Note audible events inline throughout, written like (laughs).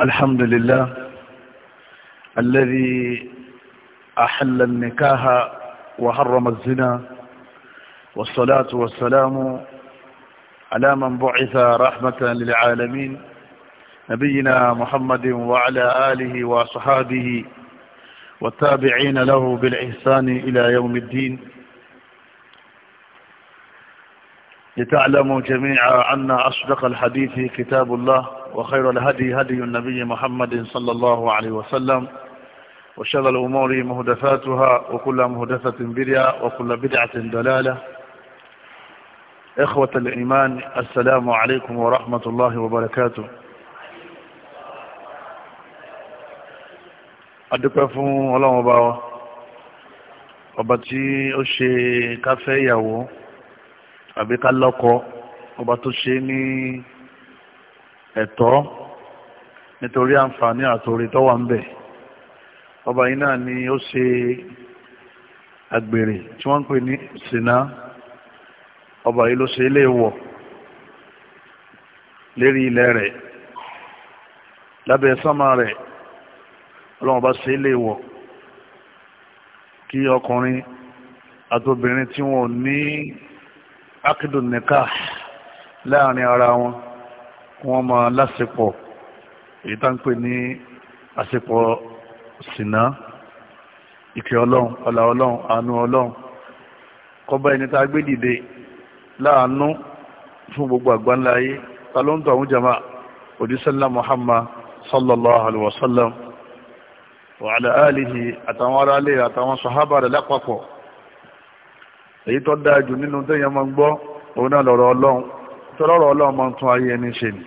الحمد لله الذي أحل النكاح وحرم الزنا والصلاة والسلام على من بعث رحمة للعالمين نبينا محمد وعلى آله وصحابه والتابعين له بالإحسان إلى يوم الدين لتعلموا جميعا أن أصدق الحديث كتاب الله وخير الهدي هدي النبي محمد صلى الله عليه وسلم وشر الأمور مهدفاتها وكل مهدفة بدعة وكل بدعة دلالة إخوة الإيمان السلام عليكم ورحمة الله وبركاته adúpẹ́ fún ọlọ́run ọba wa ọba tí ó ṣe káfẹ́ ìyàwó àbí ká ọba tó ṣe ní ẹ̀tọ́ nítorí àǹfààní àtòrí tó wà ń bẹ̀ ọba yìí náà ni ó ṣe àgbèrè tí wọ́n ń pè ní ṣìnà ọba yìí ló ṣe ilé wọ̀ lérí ilẹ̀ rẹ̀ lábẹ́ sánmà rẹ̀ ọlọ́run bá ṣe ilé wọ̀ kí ọkùnrin àtobìnrin tí wọn ní akídùn nìka láàrin ara wọn wọ́n máa lásìpọ̀ èyí tá ń pè ní àsìpọ̀ sìnà ìkẹ́ ọlọ́run ọlà ọlọ́run àánú ọlọ́run kọba ẹni tá a gbé dìde láàánú fún gbogbo àgbáńlá ayé ta ló ń tọ àwọn jama odisalla muhammad sallallahu alaihi wasallam wa ala alihi àtàwọn aráalé àtàwọn sahaba rẹ̀ lápapọ̀ èyí tó dáa jù nínú téèyàn máa ń gbọ́ òun náà lọ́rọ̀ ọlọ́run tọ́lọ́rọ̀ ọlọ́mọ tún ayé ẹni ṣe ni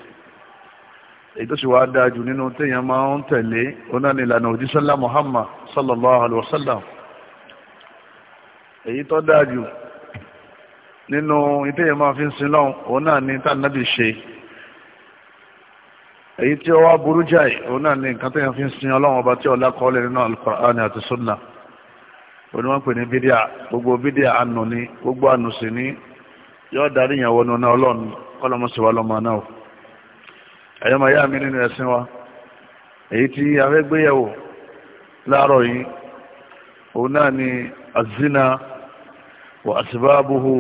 èyí tó sì wá dáa jù nínú téèyàn máa ń tẹ̀lé oná ní ìlànà òjísọ́lá Muhammad sallallahu alayhi wa sallam èyí tó dáa jù nínú téèyàn máa fi ń sin lọ́hùn òun náà ní tànàbì ṣe èyí tí ó wá burú jáì òun náà ní nǹkan téèyàn fi ń sin ọlọ́run ọba tí ọlá kọ́lé nínú alukur'ani àti sunna òun wọn pè ní bídíà gbogbo bídíà ànú ni gbogbo ànú sì ni yóò darí ìyàwó nínú ọlọ́run kọ́lọ́mọ́ sí wa lọ́mọ náà ẹ̀yọ́ máa yá mi nínú ẹ̀sìn wa èyí tí a fẹ́ gbéyẹ̀wò láàárọ̀ yìí òun náà ni azina wa asibábuhu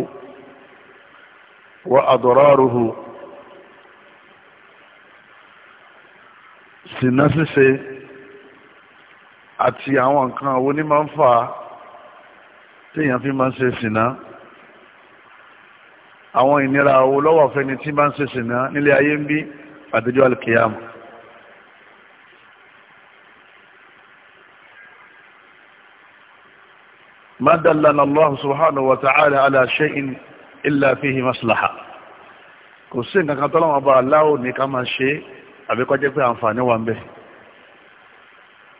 wa adọ́rọ́ruhu sìnà ṣíṣe àti àwọn nǹkan wo ni máa ń fà á téèyàn fi máa ń ṣe sìnà àwọn ìnira owó lọ́wọ́ fẹ́ni tí bá ń ṣe sìnà nílé ayé ń bí àtijọ́ alkiyama ما دلنا الله سبحانه وتعالى على شيء إلا فيه مصلحة kò sí nǹkan kan tọ́lọ́wọ́ bá aláwò ní ká máa ṣe àbíkọ́jẹ́ pé àǹfààní wà ń bẹ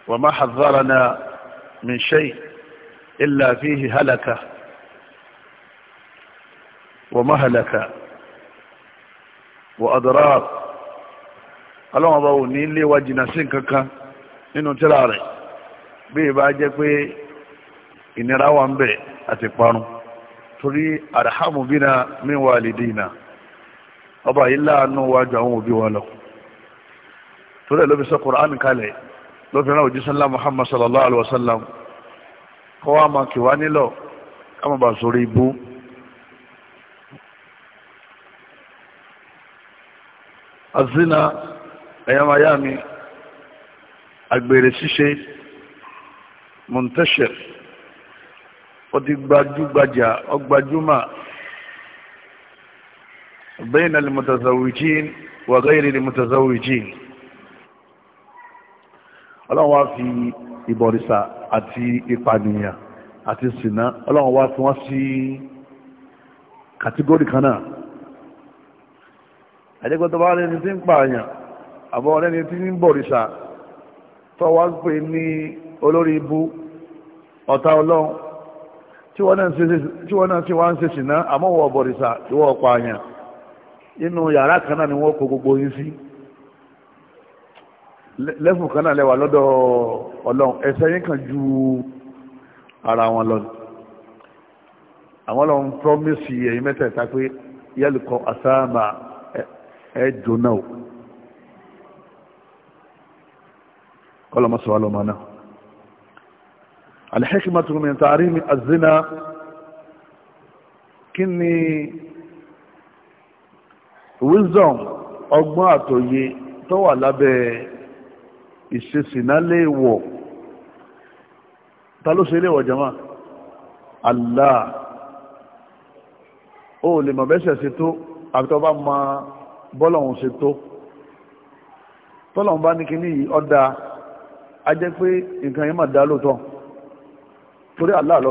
وما حذرنا من شيء إلا فيه هلكة ومهلك وأضرار ọlọ́wọ́n bá wò ní ilé wa jìnnà sí kankan nínú tíra rẹ̀ bí ìbá jẹ́ pé ìnira wa ń bẹ àti parun torí àdáhàmù bína min walidina ọba yìí láàánú wájú àwọn òbí wa lọ torí ẹ̀ ló fi sọ Qur'an kalẹ̀ ló fi rán òjíṣẹ́ ńlá Muhammad sallallahu alaihi wa sallam kọ́ wa máa kì wá nílọ ká má bàa sórí ibú azina ẹ̀yàmáyá mi agbere ṣíṣe montesher ó ti gbajúgbajà bẹ́ẹ̀nà lè mọ̀tàzáwìjín wà gáyèrè lè mọ̀tàzáwìjín ọlọ́run wá fi ìbọ̀rìṣà àti ìpànìyàn àti sìná ọlọ́run wá fi wọ́n sí kàtígórì ẹ̀jẹ̀gbọ́n tó bá rẹ̀ ní tí ń pààyàn àbọ̀ ọ̀rẹ́ ni tí ń bọ̀rìṣà tó wá pè ní olórí ibú ọ̀tá ọlọ́run tí wọ́n náà sì wá ń ṣe ṣìná àmọ́ wọ bọ̀rìṣà ìwọ pààyàn inú yàrá kan náà ni wọ́n kó gbogbo yín sí lẹ́fù kan náà lẹ́wà lọ́dọ̀ ọlọ́run ẹ̀ṣẹ̀ yín kan ju ara wọn lọ àwọn ọlọ́run promise ẹ̀yin mẹ́tẹ̀ẹ̀ta pé yẹ́lùkọ́ àsáàmà ẹ jóná o kọlọmọsọ alọmọ náà alhikmatu min ta'rimi az-zina kí ni wisdom ọgbọ́n àtòye tó wà lábẹ́ ìṣesìnálẹ́wọ̀ ta ló ṣe léwọ̀ jama Allah o lè mọ̀ bẹ́sẹ̀ sí tó àbítọ́ bá máa bọ́lọ̀hún ṣe tó tọ́lọ̀hún bá ní kíní yìí a jẹ́ pé nǹkan yẹn dá torí Allah ló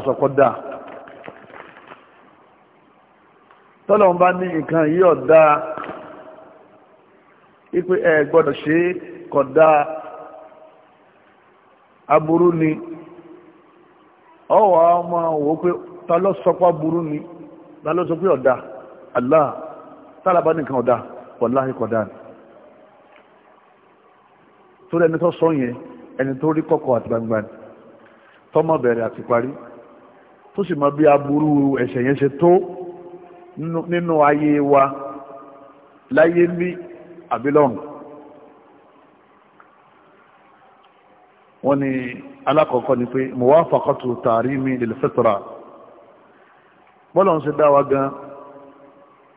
tọ́lọ̀hún bá ní nǹkan ipe ẹ gbọ́dọ̀ ṣe kó dá aburú ni ọwọ́ ọmọ wò pé ta ló ni ta ló sọ pé ọ̀dà wàláhì kọ̀dán tó lẹ́ni tó sọ yẹn ẹni tó rí kọ̀kọ̀ àti gbangba tọ́mọ bẹ̀rẹ̀ àti parí tó sì mọ bí aburú ẹ̀ṣẹ̀ yẹn ṣe tó nínú ayé wa láyé ní àbílọ́run wọ́n ní alákọ̀ọ́kọ́ ni pé muwafaqatu tarimi lil fitra bọ́lọ̀ ń ṣe dá wa gan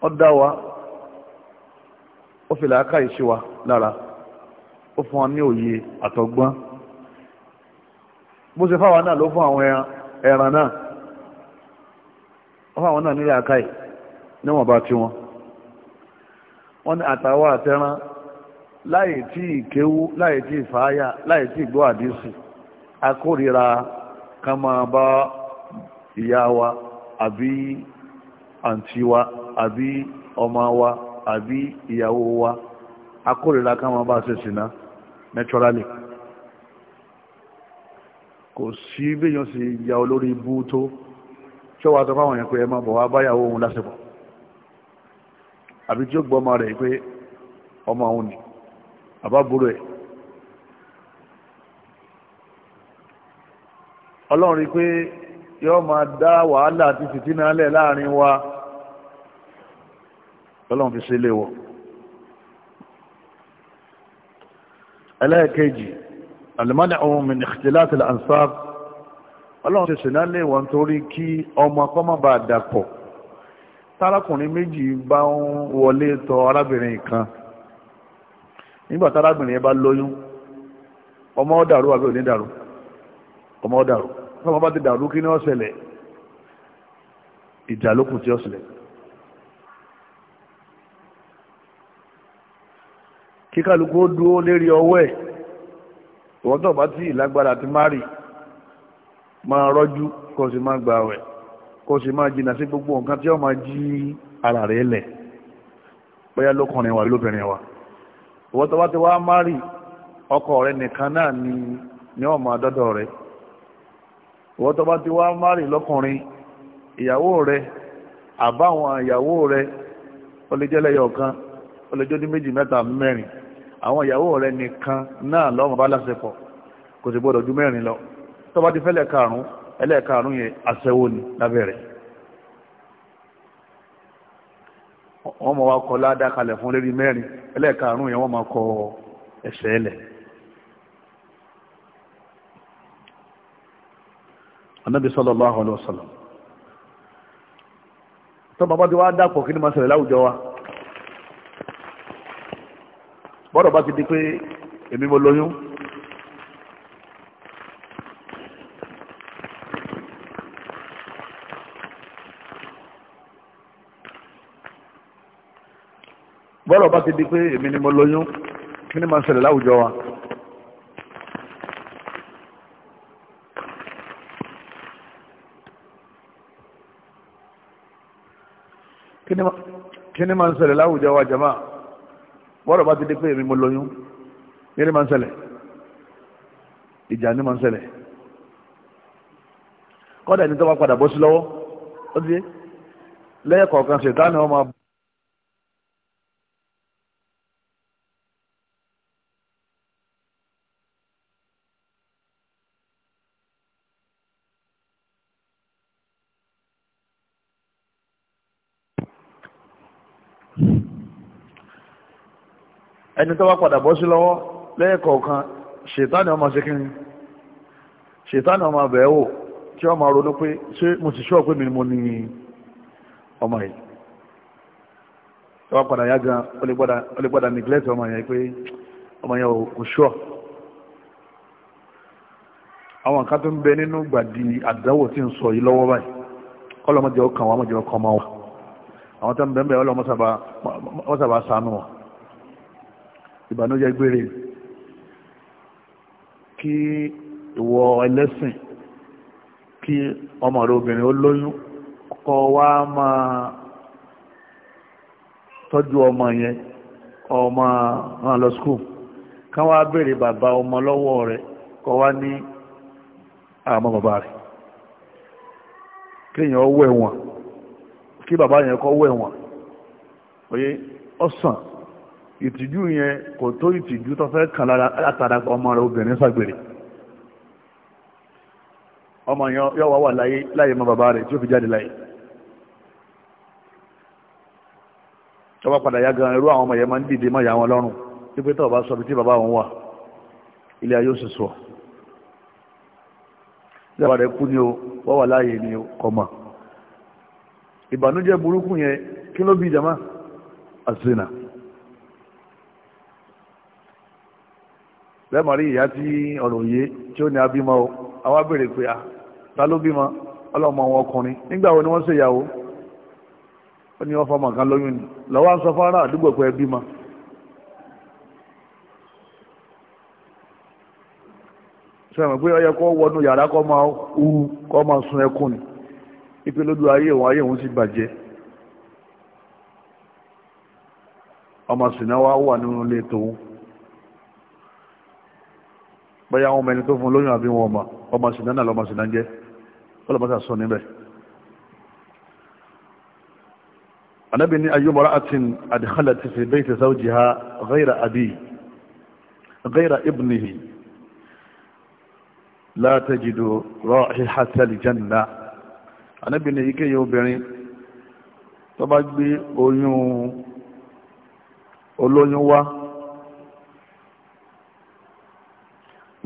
ọ́ dá wa ó fi làákà ìṣe wa lára ó fún wa ní òye àtọ̀gbọ́n bó ṣe fáwọn náà ló fún àwọn ẹran náà ó fáwọn náà ní làákà ì níwọ̀n bá tí wọn wọ́n ní àtàwọn àtẹran láì tí ìkéwú láì tí ìfàáyà láì tí ìgbó àdísì akórira ká máa bá ìyá wa àbí àǹtí wa àbí ọmọ wa àbí ìyàwó wa akórìíra ká máa bá ṣe sìnà naturally kò sí béèyàn sì ya olórí ibú tó ṣọ́wọ́ àtọ́ fáwọn yẹn pé ẹ máa bọ̀ wá báyàwó òun lásìkò àbí tí ó gbọ́ ọmọ rẹ̀ pé ọmọ òun ni àbábúrò ẹ̀ ọlọ́run rí pé yọ́ máa dá wàhálà àti fìtínà lẹ̀ láàrin wa lọ́lọ́run fi sílé wọ ẹlẹ́ẹ̀kejì alimani ohun mi nìkìtìláti ansar ọlọ́run ti sìnà lè wọ́n torí kí ọmọ kọ́mọ́ bá dàpọ̀ tárakùnrin méjì bá ń wọlé tọ arábìnrin kan nígbà tárábìnrin yẹn bá lóyún ọmọ ọ̀dàrú àbí onídàrú ọmọ ọ̀dàrú tọ́mọ bá ti dàrú kí ni ó ìjà lókùn tí ó kí kálukú ó dúró lérí ọwọ́ ẹ̀ ìwọ́n tó bá tí ìlágbára ti má rì máa rọ́jú kó o sì máa gbà wẹ̀ kó o sì máa jìnnà sí gbogbo nǹkan tí ó máa jí ara rẹ̀ lẹ̀ bóyá lókùnrin wa lóbìnrin wa ìwọ́n tó bá ti wá má rì ọkọ rẹ̀ nìkan náà ni ni ó máa dọ́dọ̀ rẹ̀ ìwọ́n tó bá ti wá má rì lọ́kùnrin ìyàwó rẹ̀ àbáwọn ìyàwó rẹ̀ ó lè jẹ́ lẹ́yọ̀ kan ó lè jẹ́ ní méjì mẹ́ta mẹ́rin àwọn ìyàwó rẹ nìkan náà lọ́mọ bá lásẹpọ̀ kò sì gbọ́dọ̀ ju mẹ́rin lọ tó bá ti fẹ́lẹ̀ karùn-ún ẹlẹ́ẹ̀karùn-ún yẹn aṣẹ́wó ni lábẹ́rẹ̀ wọ́n mọ̀ wá kọ ládàá kalẹ̀ fún lérí mẹ́rin ẹlẹ́ẹ̀karùn-ún yẹn wọ́n máa kọ ẹ̀ṣẹ̀ ẹlẹ̀ anábì sallallahu alaihi wasallam tó bá bá ti wá dàpọ̀ kí ni máa ṣẹlẹ̀ láwùjọ wa bọ́dọ̀ bá ti di pé èmi mo lóyún bọ́dọ̀ bá ti di pé èmi ni mo lóyún kí ni máa ń ṣẹlẹ̀ láwùjọ wa. kí ni máa ń ṣẹlẹ̀ láwùjọ wa jama bọ́rọ̀ bá ti dé pé èmi mo lóyún eré máa ń ṣẹlẹ̀ ìjà ni máa ń ṣẹlẹ̀ kọ́dà ẹni tó bá padà bọ́ sí lọ́wọ́ ó ti lẹ́yìn kọ̀ọ̀kan ṣètánì wọn máa ẹni tó wá padà bọ́ sí lọ́wọ́ lẹ́ẹ̀kọ̀ọ̀kan ṣètánì ọmọ ṣe kíni ṣètánì ọmọ bẹ̀ẹ́ wò tí wọ́n máa ronú pé ṣé mo sì ṣọ́ọ̀ pé mi mo ní ọmọ yìí tó wá padà yá gan ó lè padà neglect ọmọ yẹn pé ọmọ yẹn kò ṣọ́ọ̀ àwọn kan tó ń bẹ nínú gbàdí àdáwò tí ń sọ yìí lọ́wọ́ báyìí ọlọ́mọdé ọkàn wa ọmọdé ọkàn ọmọ wa àwọn tó ń bẹ ń bẹ ọlọ́mọ sábà sànù wọn. ìbànújẹ́ gbére kí ìwọ ẹlẹ́sìn kí ọmọ rẹ obìnrin ó lóyún kó wá máa tọ́jú ọmọ yẹn ọmọ wọn lọ skul kán wá béèrè bàbá ọmọ lọ́wọ́ rẹ̀ kó wá ní àmọ́ bàbá rẹ̀ kéèyàn ọwọ́ ẹ̀wọ̀n kí bàbá yẹn kọ́ ọwọ́ ẹ̀wọ̀n òye ọ̀sán ìtìjú yẹn kò tó ìtìjú tó fẹ́ kàn látara ọmọ rẹ̀ obìnrin ṣàgbèrè ọmọ yẹn yọ wá wà láyé láyé mọ bàbá rẹ̀ tí ó fi jáde láyé tó bá padà yá gan irú àwọn ọmọ yẹn máa ń dìde máa yà wọn lọ́rùn wípé tó bá sọ bí tí bàbá wọn wà ilé ayé ó sọ ìjọba rẹ̀ kú ni o wọ́n wà láyé ni kò mọ̀ ìbànújẹ́ burúkú yẹn kí ló bí jama àṣìnà lẹ́mọ̀rí ìyá tí ọ̀rọ̀ yé tí ó ní abímọ o àwa béèrè pé a ta ló bímọ ọlọ́mọ wọn ọkùnrin nígbà wo ni wọ́n ṣèyàwó ó ní wọ́n fọmọ kan lóyún ni lọ́wọ́ ń sọ fọ́nrán àdúgbò pé ẹ bímọ. sọ̀rọ̀ pé ó yẹ wọnú yàrá máa hu sun ni ipe lójú ayé òun ayé òun sì bàjẹ́ ọmọ wa wà nínú ilé tòun. bóyá àwọn ọmọ ẹni tó fún lóyún àbí wọn ọmọ ọmọ sínú náà lọmọ sínú jẹ ọlọmọsà sọ níbẹ̀ anabi ni ayyuma ra'atin adkhalat fi bayti zawjiha ghayra abi ghayra ibnihi la tajidu ra'ihata aljanna anabi ni ike yo obìnrin tó bá gbé oyún olóyún wá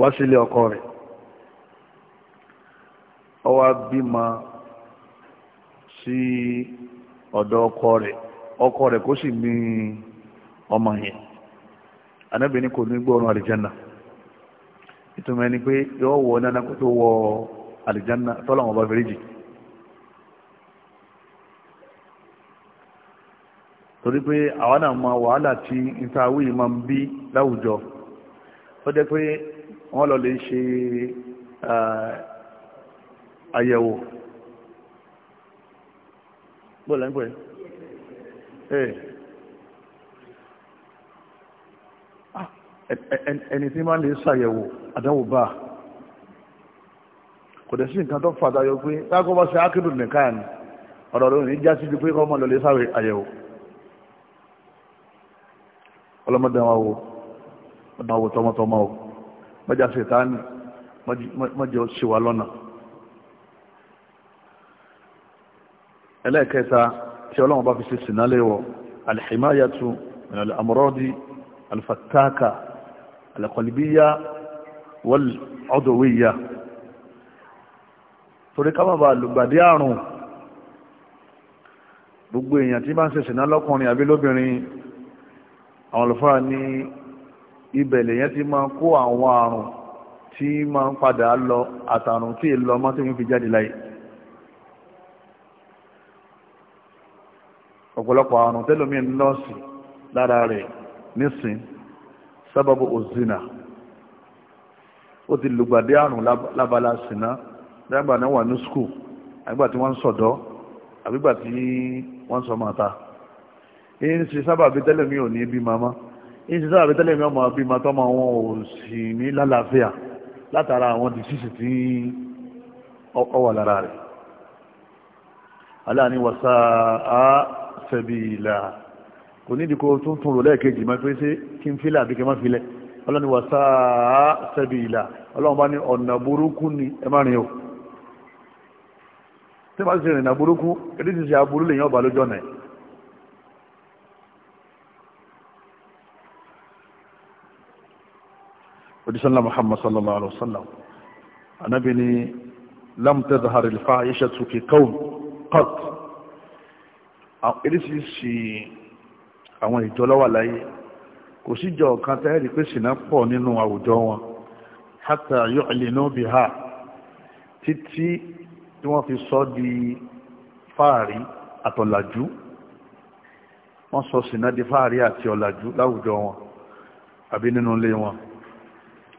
wá ọkọ rẹ̀ ó bi bímọ sí ọ̀dọ̀ ọkọ rẹ̀ ọkọ rẹ̀ kó sì ní ọmọ yẹn Ànábì kò ní gbọ́ọ̀rùn àlìjánà ìtumọ̀ ẹni pé wọ nánà kó tó wọ àlìjánà tọ́lọ̀wọ̀n bá fẹ́rẹ́jì torí pé àwọn náà wàhálà tí wọ́n lọ lè ṣe àyẹ̀wò bọ́ọ̀lá ń bọ̀ẹ̀ ẹni tí máa lè ṣàyẹ̀wò àdánwò bá kò dẹ̀ sí nǹkan tó fàdá yọ pé tákọ́ bá ṣe ákìdù nìkan ni ọ̀rọ̀ rẹ̀ ní já sí ju pé kọ́ mọ́ lọ lè sáré àyẹ̀wò ọlọ́mọdé wọn wo ọ̀dọ̀ àwòtọ́mọtọ́mọ́ o mọ́jà ṣètáni mọ́jọ ṣèwà lọ́nà ẹlẹ́ẹ̀kẹta tí ọlọ́run bá fi ṣe sìnálẹ́wọ̀ alìhìmáyàtú alàmọ́rọ́dí alfàtàkà alàkọlìbíyà wọ́lọ́dọ̀wíyà torí ká bàbá lùgbàdí àrùn gbogbo èèyàn tí bá ń ṣe sìnálọ́kùnrin àbí lóbìnrin àwọn olùfáà ní ibẹ̀ lèyẹn ti máa kó àwọn àrùn tí máa ń padà lọ àtàrùn tí èlò ọmọ tí wọ́n fi jáde láyé ọ̀pọ̀lọpọ̀ àrùn tẹ́lómi nọ́ọ̀sì lára rẹ̀ nísìn sábàbù òzìnà ó ti lùgbàdé àrùn lábala sínà dágbà náà wà ní skul àgbà tí wọ́n ń sọ̀dọ́ àbígbà tí wọ́n ń sọ màta èyí ń ṣe sábàbí tẹ́lómi ò ní bí màmá ìṣẹ́sẹ́ àbí tẹ́lẹ̀ mi ọmọ àbí màtọ́ ma wọn ò sì ní lálàáfíà látara àwọn dìsísì tí ọ wà lára rẹ̀ aláàní wàsá á fẹ̀bi ìlà kò ní ìdíkò tó ń tún rò lẹ́ẹ̀kejì máa pé sí kí n fílẹ̀ àbí kí má filẹ̀ ọlọ́ni wàsá á fẹ̀bi ìlà ọlọ́run bá ní ọ̀nà burúkú ni ẹ má rìn o tí wọ́n ti rìn ọ̀nà burúkú eré òdísọ́lá muhammad sallallahu alaihi wasallam anábì ni lam tazhar al-fahishatu fi qawm qat oríṣiríṣi àwọn ìjọ ló wà láyé kò síjọ kan tẹ́rì pé ṣìnà pọ̀ nínú àwùjọ wọn hatta yu'linu biha títí tí wọ́n fi sọ di fáàrí àtọ̀làjú wọ́n sọ ṣìnà di fáàrí àti ọ̀làjú láwùjọ wọn àbí nínú ilé wọn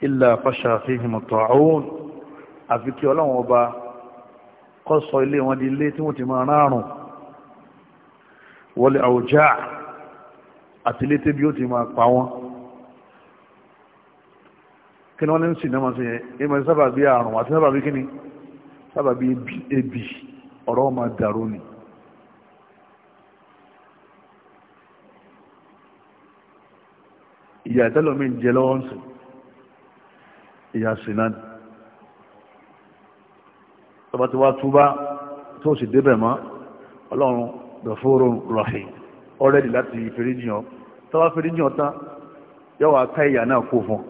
illa fasha fihim ta'un àfi kí ọlọ́run ọba kó sọ ilé wọn di ilé tí wọ́n ti máa rárùn wal awja àti ilé tẹ́bí ó ti máa pa wọn kí ni wọ́n ní ń sì náà máa ṣe yẹn ìmọ̀ sábà bí àrùn àti sábà bí kí ni sábà bí ebi ọ̀rọ̀ máa dàrú ni ìyà ìtẹ́lọ́mí ń jẹ lọ́wọ́ ń sìn ìyá sinan tọba tí wá túbá tó sì débẹ̀ mọ́ ọlọ́run dọ̀fóró rọ̀hì ọ̀rẹ́dì láti fèrèjìyàn tọba fèrèjìyàn tán yọ́wọ́ aká ìyà náà kó fún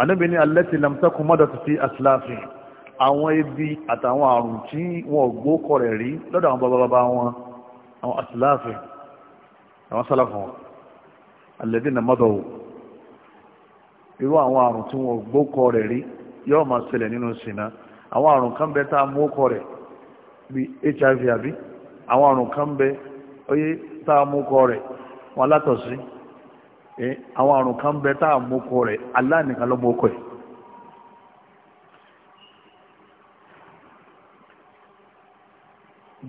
anábì ní alẹ́tì lamtakun mọ́dọ̀tì sí asláàfin àwọn ebi àtàwọn àrùn tí wọn gbó kọrẹ̀ rí lọ́dọ̀ àwọn bàbá bàbá wọn àwọn asláàfin àwọn sálàfin wọn na mọ́dọ̀wò irú àwọn àrùn tí wọ́n gbókọ rẹ̀ rí yóò máa ṣẹlẹ̀ nínú ṣìnà àwọn àrùn kan bẹ tá a mú rẹ̀ bí hiv àbí àwọn àrùn kan bẹ oyé tá a mú kọ rẹ̀ wọn alátọ̀sí àwọn àrùn kan bẹ tá a mú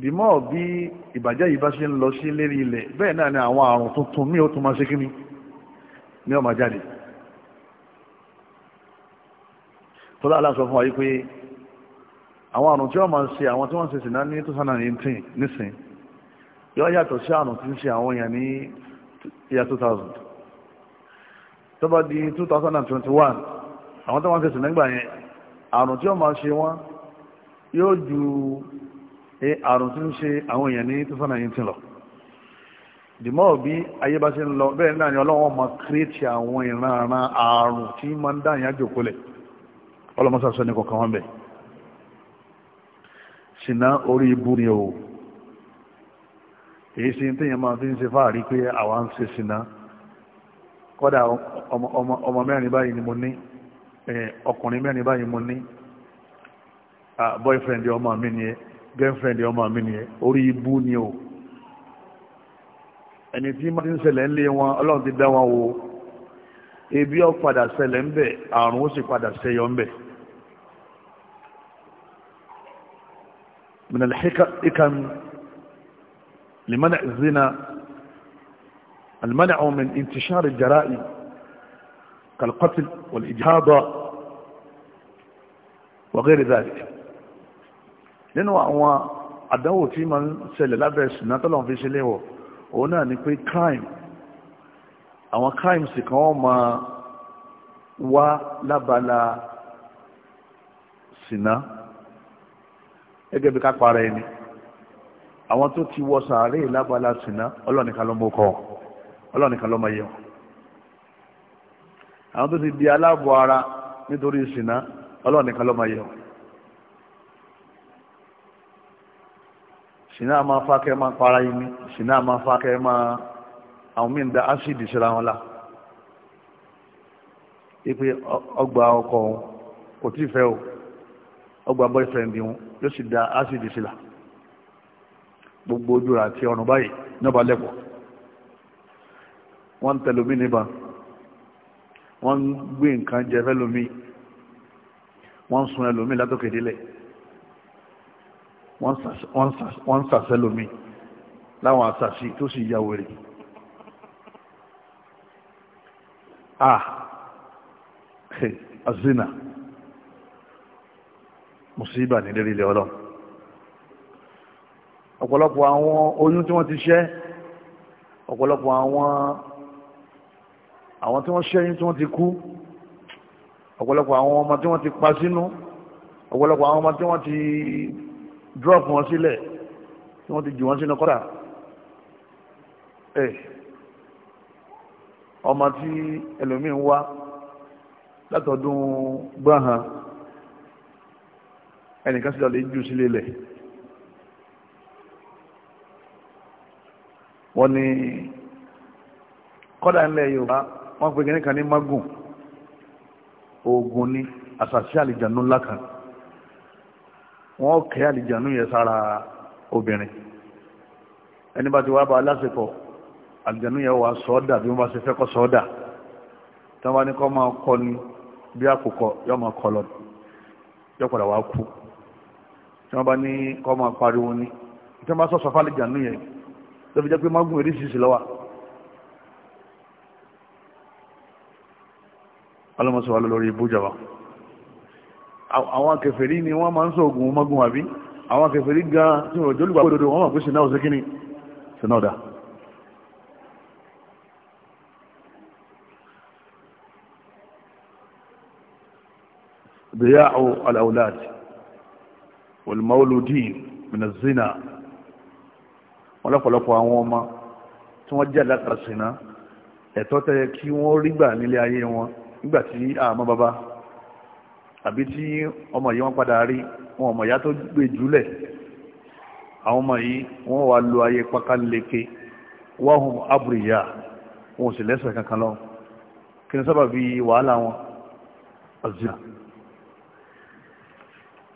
dìmọ́ bí ìbàjẹ́ yìí bá ṣe ń lọ sí lérí ilẹ̀ bẹ́ẹ̀ náà ni àwọn àrùn tuntun mí ó tún máa ṣe kí ni ní ọmọ jáde tọ́lá aláṣọ fún wa yí pé àwọn àrùn tí wọ́n máa ń ṣe àwọn tí wọ́n ṣe sìnà ní 2019 nísìn yóò yàtọ̀ sí àrùn tí ń ṣe àwọn èèyàn ní year 2000 tó bá di 2021 àwọn tó wọ́n ṣe sìnà nígbà yẹn àrùn tí wọ́n máa ṣe wọ́n yóò ju àrùn tí ń ṣe àwọn èèyàn ní 2019 lọ dìmọ́ bí ayé bá ṣe ń lọ bẹ́ẹ̀ náà ni ọlọ́wọ́n ma kírétì àwọn ìranran àrùn tí ma ń dáyà jòkólẹ̀ ọlọ́mọsá sọ ní kọ̀ọ̀kan wọn bẹ̀ ṣìnà orí ibu ni o èyí sí téèyàn máa fi ń ṣe fáàrí pé àwa ń ṣe ṣìnà kọ́dà ọmọ mẹ́rin báyìí ni mo ní ọkùnrin mẹ́rin báyìí mo ní ah, boyfriend ọmọ mi ni girlfriend yọ ọmọ mi ni orí ibú ni o ẹni tí máa ń ṣẹlẹ̀ ń lé wọn ọlọ́run ti dá wọn wo ebi ó padà ṣẹlẹ̀ ń bẹ̀ àrùn ó sì padà ṣe yọ ńbẹ. من الحكم لمنع الزنا المنع من انتشار الجرائم كالقتل والإجهاض وغير ذلك nínú àwọn àdánwò tí ma ń ṣẹlẹ̀ lábẹ́ ṣìnà fi ṣe léwọ̀ òun náà ni pé crime àwọn crimes kan wọ́n ma wá lábala ṣìnà gẹ́gẹ́ bí ká para ẹni àwọn tó ti wọ sàárè lábala ṣìnà ọlọ́nìkan ló mú kọ́ ọlọ́nìkan ló mọ yẹ àwọn tó ti di aláàbọ̀ ara nítorí ṣìnà ọlọ́nìkan ló mọ yẹ ṣìnà àmà fákẹ́ máa para yín ní ṣìnà àmà fákẹ́ máa àwọn míì ń da ásìdì síra wọn la ipe ọgbà ọkọ òun kò tí ì fẹ́ o ọgbà boyfriend òun yóò sì da ásìdì síra gbogbo ojú rà àti ọ̀run báyìí náà bá lẹ́pọ̀ wọ́n ń tẹ̀lómi níbà wọ́n ń gbé nǹkan jẹ fẹ́lómi wọ́n ń sun ẹlòmí látòkè délẹ̀ wọ́n ń sàṣẹ́ lómi láwọn àṣàṣì tó sì yà wèrè ah (laughs) azina musiba ní lérí ilẹ̀ ọlọ́run ọ̀pọ̀lọpọ̀ àwọn oyún tí wọ́n ti ṣẹ́ ọ̀pọ̀lọpọ̀ àwọn àwọn tí wọ́n ṣẹ́yìn tí wọ́n ti kú ọ̀pọ̀lọpọ̀ àwọn ọmọ tí wọ́n ti pa sínú ọ̀pọ̀lọpọ̀ àwọn ọmọ tí wọ́n ti drop wọn sílẹ̀ tí wọ́n ti jù wọ́n sínú kọ́tà ẹ̀ eh, ọmọ tí ẹlòmíì ń wá látọ̀dún gbọ́nhan ẹnìkan sí lọ́lẹ̀ jù sílé lẹ̀ wọ́n ní kọ́dà ńlẹ̀ yorùbá wọ́n pe kìnnìkan ní magun oògùn ní àṣàṣì àlìjànú ńlá kan wọ́n kẹ́ àlìjànú yẹn sára obìnrin ẹni bá ti wá bá aláṣepọ̀ àlìjànú yẹn wà sọ́ọ́dà bí wọ́n bá ṣe fẹ́ kọ́ sọ́ọ́dà tí wọ́n bá ní kọ́ máa kọ́ ni bí àkùkọ yóò máa kọ́ lọ yóò padà wá kú tí wọ́n bá ní kọ́ máa pariwo ni tí bá sọ̀sọ̀ fàlìjànú yẹn tó fi jẹ́ pé mágùn èrí ṣìṣì lọ́wọ́ ọlọ́mọsọ̀wá lórí ibú àwọn kèfèrí ni wọ́n máa ń sọ̀gùn mọ́gùn àbí àwọn kèfèrí gan tí wọ́n jólùgbà òdòdó wọ́n máa pín sínáà òsè kíní sínáàdá bẹ̀yà al-awlad wal-mawludin min az-zina wọ́n ẹ̀tọ́ tẹ́ kí wọ́n rí nílé ayé wọn nígbàtí àmọ́ bàbá àbí tí ọmọ yìí wọ́n padà rí wọn ọmọ ìyá tó gbé jùlẹ̀ àwọn ọmọ yìí wọ́n wà lo ayé pákáleke wọ́hùn abúrìyà wọn sì lẹ́sẹ̀ kankan lọ kí ni sábà bí wàhálà wọn azina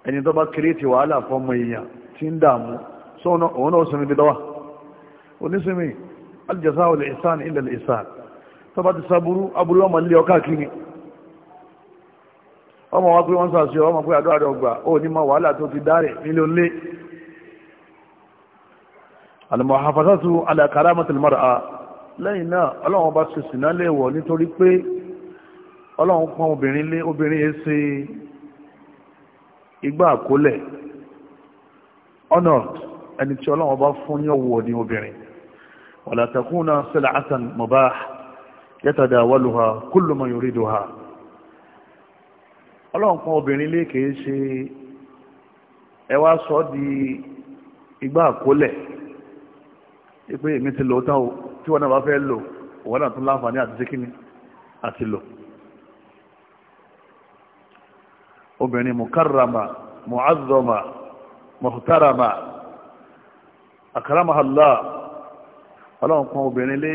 ẹni tó bá kírètì wàhálà fọmọ èèyàn tí ń dààmú sọ́nà òun náà sinmi dídọ́wà onísinmi aljaza wal ihsan illa al tó bá ti sábúrú abúrú ọmọ wọn pé wọ́n sàṣẹ ọmọ pé àdúrà ọgbà ó ní mọ wàhálà tó ti dárẹ̀ nílé olé almuhafazatu ala karamatil mar'a lẹ́yìn náà ọlọ́run bá ṣe sìnà léèwọ̀ nítorí pé ọlọ́run pọ́n obìnrin lé obìnrin yẹn ṣe igbá àkólẹ̀ honored ẹni tí ọlọ́run bá fún ní ọwọ́ ní obìnrin wala takuna sil'atan mubah yatadawaluha kullu man yuriduha ọlọ́run kan obìnrin lé kìí ṣe ẹ wá sọ di igbá àkólẹ̀ pé èmi ti lò ó tán o tí wọ́n náà bá fẹ́ lò òun náà tún láǹfààní àti síkíní àti lò obìnrin mukarrama mu'azzama muhtarama akramaha Allah ọlọ́run kan obìnrin lé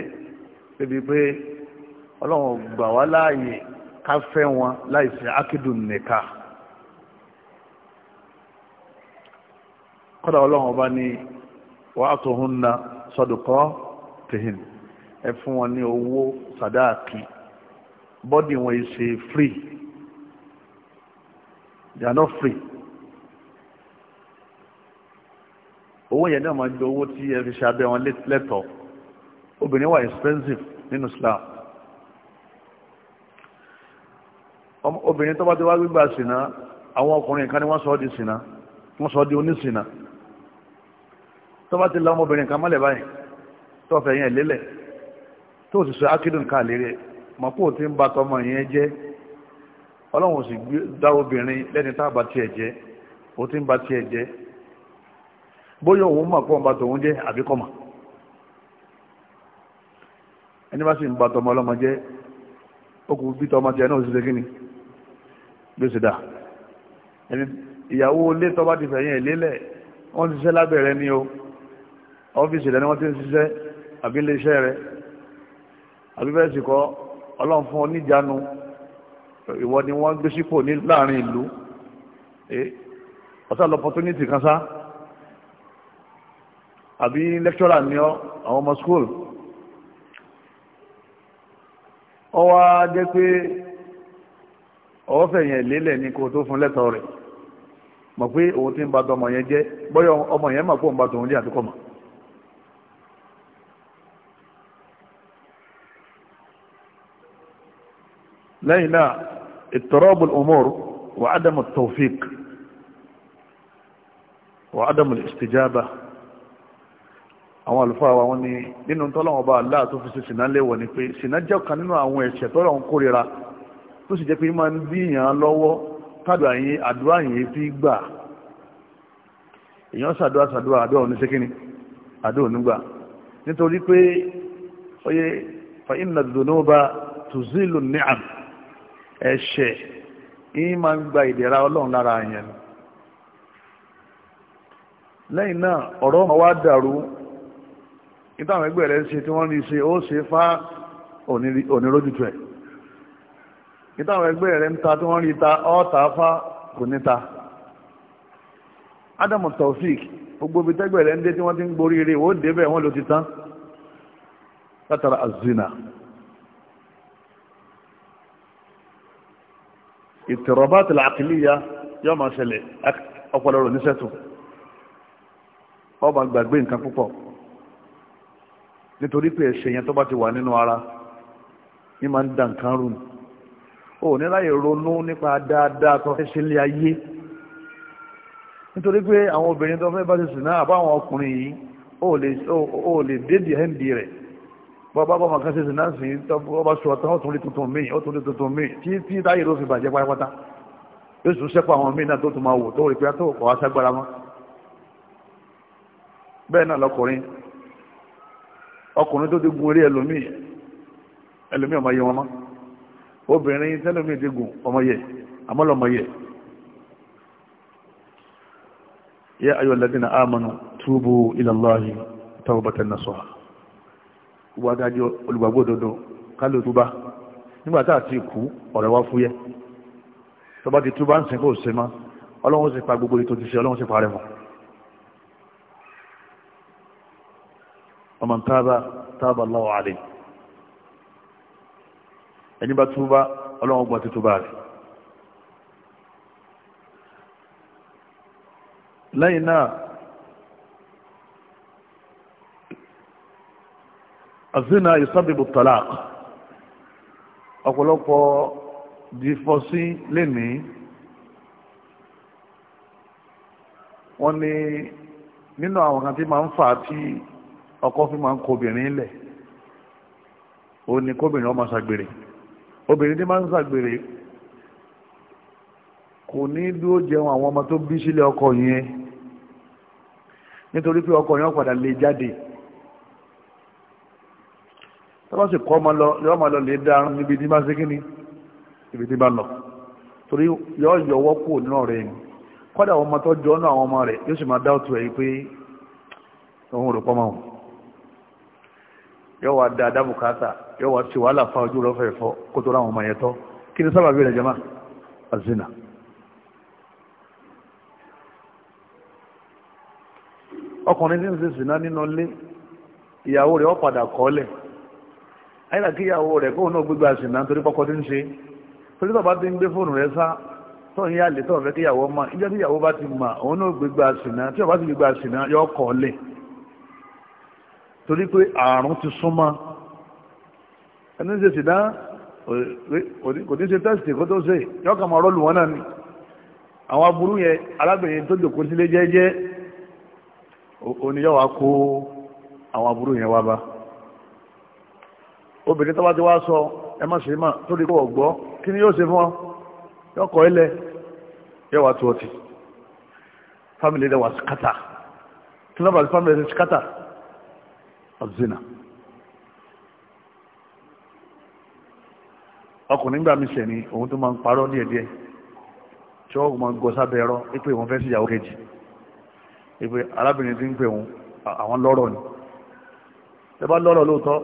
débi pé ọlọ́run gbà wá láàyè ká fẹ́ wọn láì ṣe akídùn nìka kọ́dà ọlọ́run ọba ní wàá tó hún na sọ́dọ̀kọ́ tìhìn ẹ fún wọn ní owó sàdáàkì bọ́dì wọn yìí ṣe free they are free owó yẹn náà máa jẹ owó tí ẹ fi wọn lẹ́tọ̀ọ́ obìnrin wà expensive nínú Islam. obìnrin tó bá ti wá gbígbà sínà àwọn ọkùnrin kan ni wọ́n sọ di sínà wọ́n sọ di onísínà tó bá ti la ọmọbìnrin kan mọ́lẹ̀ báyìí tó fẹ̀ yẹn lélẹ̀ tó sì sọ akídùn ká lérí mọ̀ tí ń ba tọmọ yẹn jẹ́ ọlọ́run sì dá obìnrin lẹ́ni tá a ba tiẹ̀ jẹ́ ó ti ń ba tiẹ̀ jẹ́ bóyá òun mọ̀ pọ̀ ń ba tòun jẹ́ ẹni bá sì ń tọmọ ọlọ́mọ jẹ́ bí ó sì dá ẹni ìyàwó ilé tọ́ bá ti fẹ̀yìn ìlélẹ̀ wọ́n ti ṣiṣẹ́ lábẹ́rẹ́ ní o ọ́fíìsì rẹ̀ ni wọ́n ti ń ṣiṣẹ́ àbí iléeṣẹ́ rẹ̀ àbí bẹ́ẹ̀ sì kọ́ ọlọ́run fún ọ níjànú ìwọ ni wọ́n gbé sípò ní láàrin ìlú ọ̀sán lọ́pọ̀túnítì kan sá àbí lẹ́kṣọ́rà ní àwọn ọmọ skul ọwọ́ á jẹ́ pé ọwọ́ fẹ̀yìn lélẹ̀ ní kó tó fún lẹ́tọ̀ọ́ rẹ̀ mọ̀ pé òun ti ń ọmọ yẹn jẹ́ bọ́yọ̀ ọmọ yẹn mọ̀ pé òun ba tòun jẹ́ àtúkọ̀ mọ̀ lẹ́yìn náà ìtọ́rọ́bùl umur wà ádámù tawfiq wà ádámù ìstìjábà àwọn àlùfáà wa wọn ni nínú tọ́lọ́wọ́n bá fi ni pé kan nínú àwọn ẹ̀ṣẹ̀ tó sì jẹ́ pé máa ń díyàn lọ́wọ́ tàdà yín àdúrà fi gbà èèyàn ṣàdúrà ṣàdúrà àdúrà òní ṣe àdúrà nítorí pé oye fàyínà dùnúbà tùzílù ni'am ẹ̀ṣẹ̀ yín máa ń gba ìdẹ̀ra ọlọ́run lára yẹn lẹ́yìn náà ọ̀rọ̀ ọmọ wa dàrú nítawọn ẹgbẹ́ rẹ̀ ṣe tí wọ́n rí ṣe ó ṣe fá ìtàwọn ẹgbẹ́ rẹ̀ ń ta tí wọ́n rí ta ọ́ta afá kò ní ta Adamu Taofik gbogbo ibi tẹ́gbẹ́ rẹ̀ ń dé tí wọ́n ti ń gborí rẹ̀ ó débẹ̀ wọ́n ló ti tán látara azina ìtìrọ̀bá tìlà àkìlíya yọ máa ṣẹlẹ̀ ọpọlọ rẹ̀ níṣẹ́tù ọba gbàgbé nǹkan púpọ̀ nítorí pé ẹ̀ṣẹ̀ yẹn tó bá ti wà nínú ara ní máa ń da nǹkan rú ni O ní láyè ronú nípa dáadáa tó fẹ́ ṣe lé ayé nítorí pé àwọn obìnrin tó fẹ́ bá ṣe sìnà àbáwọn ọkùnrin yìí ó lè dédì ẹ́ǹdì rẹ̀ bọ́bá bọ́ màkà ṣe sìnà sí ọba ṣùwọ́tán ó tún lè tuntun míì ó tún lè tuntun míì tí tí táyé ló fi bàjẹ́ pátápátá yóò sún sẹ́pọ̀ àwọn míì náà tó tún máa wò tó rí ọkùnrin tó ti gun eré ẹlòmíì ẹlòmíì ọmọ yẹ wọn mọ́ obìnrin tẹ́lẹ̀mí ti gùn ọmọyẹ àmọ́lọmọyẹ yẹ ayyuhalladhina amanu tubu ilallahi tawbatan nasuha wà dájọ́ olùgbàgbọ́ òdodo kálò túbá nígbàtà àti ikú ọ̀rẹ́ wá fúyẹ́ tó bá túbá ń sìn kó ṣe má sì pa gbogbo ètò ti se ọlọ́run sì mọ́ ọmọ tábà tábà ẹni bá túbá ọlọ́run gbọ́ títúbá rẹ̀ lẹ́yìn náà azina yusabibu talaq ọ̀pọ̀lọpọ̀ dìfọ́sí lẹ́nìí wọ́n ní nínú àwọn kan tí máa ń fà á tí ọkọ fi máa ń kó obìnrin lẹ̀ òun ni kóbìnrin ọmọ ṣàgbèrè obìnrin ní máa ń ṣàgbèrè kò ní dúró jẹun àwọn ọmọ tó bí sílé ọkọ yẹn nítorí pé ọkọ yẹn padà lè jáde tọ́wọ́ sì kọ́ ọmọ lọ lọ́wọ́ máa lọ lè dá níbi tí bá ń ṣe kí ni ibi tí bá lọ torí yọ yọwọ́ kù nínú rẹ̀ ni kọ́dà ọmọ tó jọ náà àwọn ọmọ rẹ̀ yóò sì máa dá òtù ẹ̀ pé òun rò pọ́ wọn. yóò wá da adábùkátà yóò wá ti wàhálà fa ojú lọ́fẹ̀ẹ́ fọ́ kó tó láwọn ọmọ yẹn tọ́ kí ni sábàbí azina ọkùnrin tí ń ṣe sìná nínú ilé ìyàwó rẹ̀ ó kọ́lẹ̀ ayílà kí ìyàwó rẹ kóun náà torí tí ń ṣe torí tọ́ba ti ń gbé fóònù sá yá lè fẹ́ kí ìyàwó ìyàwó ti òun náà tí torí pé àrùn ti súnmọ́ ẹni ṣe sì dá kò ní ṣe tẹ́sítì kó tó ṣe yọkà máa rọ́ọ̀lù wọn náà ni àwọn aburú yẹn alábẹ̀yẹ tó jòkó sílé jẹ́jẹ́ oníyàwó kó àwọn aburú yẹn wá bá obìnrin tó bá ti wá sọ ẹ má ṣe mà torí kó ọ̀gbọ́ kí ni yóò ṣe fún ọ yọkọ̀ ilẹ̀ yẹwà tó ọtí fámìlì rẹ wà síkátà tí wọ́n bá fámìlì rẹ síkátà azina ọkùnrin gbà mí sẹ́ni òun tó máa ń parọ́ díẹ̀díẹ̀ tí wọ́n máa ń gọ sábẹ́ ẹ̀rọ pé wọ́n fẹ́ sí ìyàwó kejì pé arábìnrin ti ń pè wọ́n àwọn lọ́rọ̀ ni ẹ bá lọ́rọ̀ lóòótọ́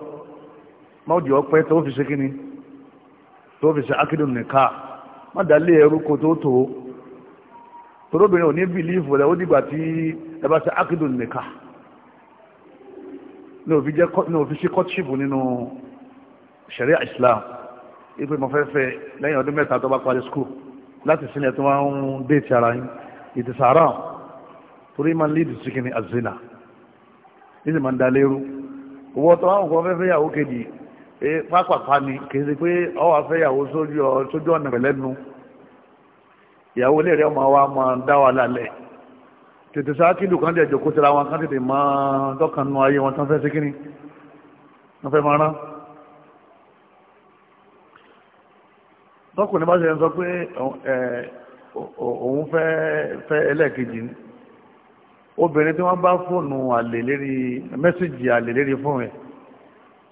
má jọ pẹ́ tó fi ṣe kíni tó fi ṣe akídùn nìka má dálé ẹrú kó tó tó torobìnrin ò ní bìlíìfù rẹ̀ ó dìgbà tí ẹ bá ṣe akídùn nìka ní òfin sí kọ́tíṣìpù nínú ṣẹ̀ríà Islam ipe mo fẹ́ fẹ́ lẹ́yìn ọdún mẹ́ta tó bá parí skul láti sílẹ̀ tó wá ń dé ti ara yín ìdí sàárà torí máa ń lídì sí kíni azina nígbà máa ń da lérú owó tó wá ń kọ́ fẹ́ fẹ́ yàwó kejì pápápá ni kìí ṣe pé ọ wà fẹ́ yàwó sójú ọ̀nà pẹ̀lẹ́nu ìyàwó ilé rẹ̀ máa wá máa dá wà lálẹ́ tètè sáàkìlù kan dẹ̀ jòkó tẹ́ra wọn kan tètè máa dọ́kànnú ayé wọn tán fẹ́ sí kíní wọ́n fẹ́ máa rán tọ́kùnrin bá ṣe ń sọ pé òun fẹ́ ẹlẹ́ẹ̀kejì ni obìnrin tí wọ́n bá fóònù àlè lérí mẹ́sìgì àlè lérí fóònù ẹ̀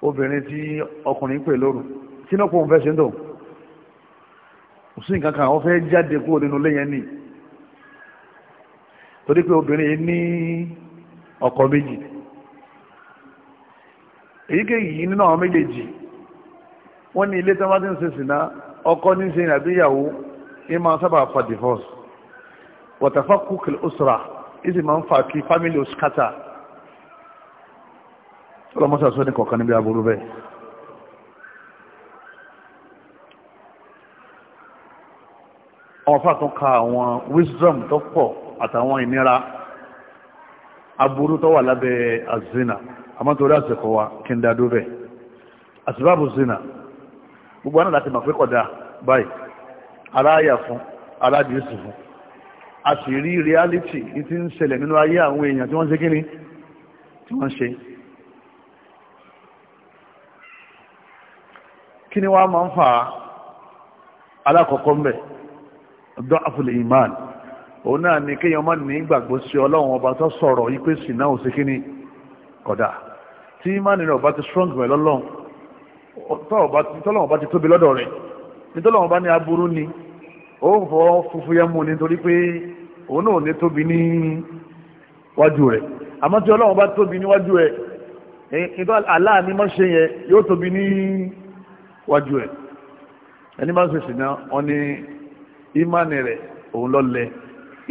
obìnrin tí ọkùnrin pè lóru kí náà kó òun fẹ́ ṣe ń dò sí nǹkan kan wọ́n fẹ́ jáde kúrò nínú ilé yẹn nìyí torí pé obìnrin yìí ní ọkọ méjì èyíkéyìí nínú àwọn méjèèjì wọ́n ní ilé tí ń ṣe ọkọ ní ṣe àbí ìyàwó ní ma sábà fa divorce wọ̀tàfà kúkìlì òṣùrà ìsì máa ń fa kí family òṣùkátà ọlọ́mọ́sà sọ ní kọ̀ọ̀kan níbi aburú bẹ́ẹ̀ àwọn fàtún ka àwọn wisdom tó pọ̀ àtàwọn ìnira aburú tó wà lábẹ́ azina àmọ́ torí àsìkò wa kí n dádó bẹ́ẹ̀ àsìbábù zina gbogbo àná láti mọ̀ pé báyìí aráyà fún aládìísì fún a sì rí reality tí ń ṣẹlẹ̀ nínú ayé àwọn èèyàn tí wọ́n ṣe kíni tí wọ́n ṣe kí ni wọ́n máa ń fa alákọ̀ọ́kọ́ mbẹ̀ dọ́ àfúlẹ̀ ìmáàlì òun náà ni kéèyàn má ní gbàgbọ́ sí ọlọ́run ọba tó sọ̀rọ̀ yìí pé sì náà ò sí kíní kódà tí mánì rẹ̀ ọba ti strong mẹ́ lọ́lọ́run tọ́lọ́run ọba ti tóbi lọ́dọ̀ rẹ̀ ní tọ́lọ́run ọba ní aburú ni ó ń fọ funfun yẹn mú ni torí pé òun náà ò ní tóbi ní wájú rẹ̀ àmọ́ tí ọlọ́run ọba tóbi níwájú rẹ̀ ìtọ́ aláàní mọ́ ṣe yẹn yóò tóbi ní rẹ̀ ẹni máa ṣe sì náà ọ ní ìmánì rẹ̀ òun lọ́lẹ̀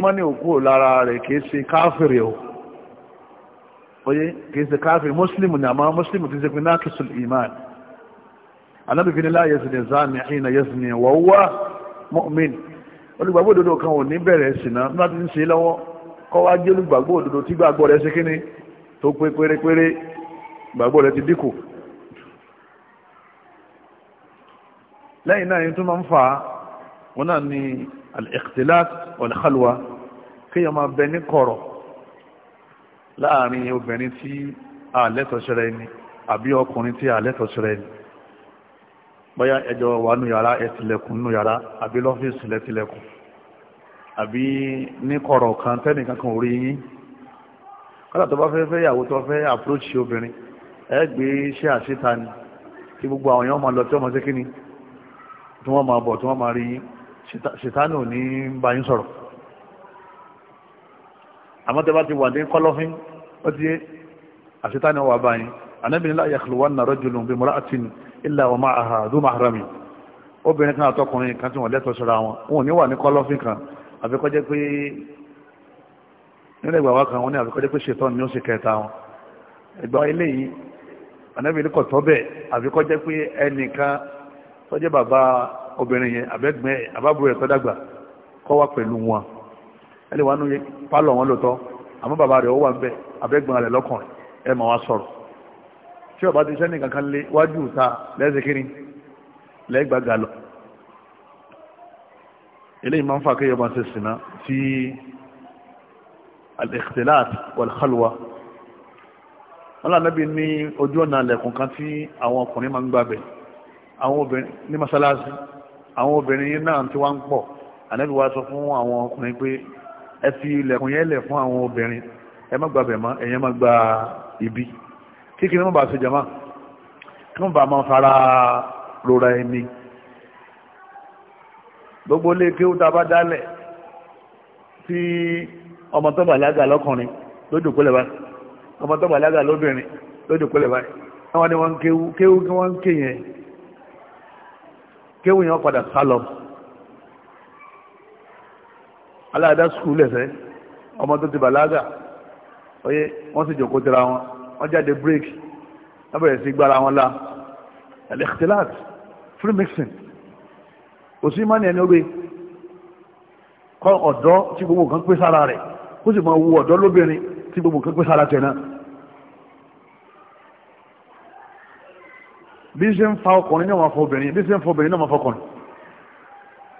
mọ́ni òkú ò lára rẹ̀ kìí ṣe káfìrì o oye kìí ṣe káfìrì mùsùlùmù ni àmọ́ mùsùlùmù ti ṣe pé náà kìí ṣùlù iman anábìfin ní láàyè ṣìnì zani àyìnà yẹsìn ní wọ́wọ́ mọ́mìn olùgbàgbọ́ òdodo kan ò ní bẹ̀rẹ̀ ṣìnà nígbà tí ń ṣe lọ́wọ́ kọ́ wá jẹ́ olùgbàgbọ́ òdodo tí gbàgbọ́ rẹ̀ ṣe kíní tó pé pérépéré gbàgbọ́ rẹ̀ ti dínkù lẹ́yìn náà yìí tó máa ń fà á wọn náà ni al-ikhtilat wal-khalwa kéèyàn máa bẹ ní kọ̀rọ̀ láàrin obìnrin tí àlẹ́tọ̀ṣẹ̀rẹ̀ ẹni àbí ọkùnrin tí àlẹ́tọ̀ṣẹ̀rẹ̀ ẹni bóyá ẹjọ́ wà nù yàrá ẹtìlẹ̀kùn nù yàrá àbí lọ́fíìsì lẹ́tìlẹ̀kùn àbí ní kọ̀rọ̀ kan tẹ́nìkan kan orí yín kọ́lá tó bá fẹ́ fẹ́ ìyàwó tó fẹ́ àpúròṣì obìnrin ẹ gbé iṣẹ́ àṣetà ni kí gbogbo àwọn èèyàn máa lọ tí wọ́n máa ṣe kíni tí wọ́n máa bọ̀ tí wọ́n máa rí yín ṣètánù ní báyìí sọ̀rọ̀ àmọ́ tẹ́ bá ti wà ní kọ́lọ́fín ó ti yé àṣetánù wà báyìí anábìnrin láyé àkàlùwánà rọ́jùlùm bí mọ́ra àti ilà ọmọ àhà dúmà àrami obìnrin kan àtọkùnrin kan tí wọ́n lẹ́tọ̀ọ́ sọ́ra wọn wọn ò ní wà ní kọ́lọ́fín kan àfikọ́jẹ́ pé nílẹ̀ ìgbà wá kan wọn ní àfikọ́jẹ́ pé ṣètánù ni ó sì kẹta wọn ìgbà eléyìí anábìnrin kọ̀ tọ́ bẹ́ẹ̀ àfikọ́jẹ́ pé ẹnìkan tọ́jẹ́ bàbá obìnrin yẹn àbẹ́gbẹ́ àbábúrò ẹ̀ tọ́dàgbà kọ́ wá pẹ̀lú wọn ẹni wà nú pálọ̀ wọn lóòótọ́ àmọ́ bàbá rẹ̀ ó wà ń bẹ rẹ̀ lọ́kùnrin ẹ máa wá sọ̀rọ̀ tí ọba ti sẹ́ni kankan lé wájú ta lẹ́sẹ̀ kiri lẹ́gbàgà eléyìí máa ń fà kéèyàn máa ṣe sìnà sí al-ikhtilat wal-khalwa wọn ní ojú ọ̀nà alẹ̀kùn kan tí àwọn ọkùnrin máa ń gbàbẹ̀ àwọn obìnrin ní masalasi àwọn obìnrin yìí náà tí wọ́n ń pọ̀ ànábì wa sọ fún àwọn ọkùnrin pé ẹ fi ilẹ̀kùn yẹn lẹ̀ fún àwọn obìnrin ẹ má gbàbẹ̀ mọ́ ẹ̀yẹ má gba ibi kíkiri má bàa ṣe jama kí wọ́n bá máa fara rora ẹni gbogbo lè kí ó ta bá dálẹ̀ tí ọmọ tó bàlágà lọ́kùnrin lójú kólẹ̀ báyìí ọmọ tó bàlágà lóbìnrin lójú kólẹ̀ báyìí wọ́n ni wọ́n ń kéwú kéwú kí wọ́n ń ké yẹn kéwù yẹn padà sálọ aláàdá skul ẹ̀fẹ́ ọmọ tó ti bàlágà oyé wọ́n sì jòkó tira wọn wọ́n jáde break wọ́n bẹ̀rẹ̀ sí gbára wọn la al-ikhtilat free mixing kò sí mọ́ni ẹni ogbe kọ́ ọ̀dọ́ tí gbogbo kan pé sára rẹ̀ kó sì máa wu ọ̀dọ́ lóbìnrin tí gbogbo kan pé sára tẹ̀ náà bí ṣe ń fa ọkùnrin náà máa fọ obìnrin bí ṣe ń fọ obìnrin náà máa fọkùnrin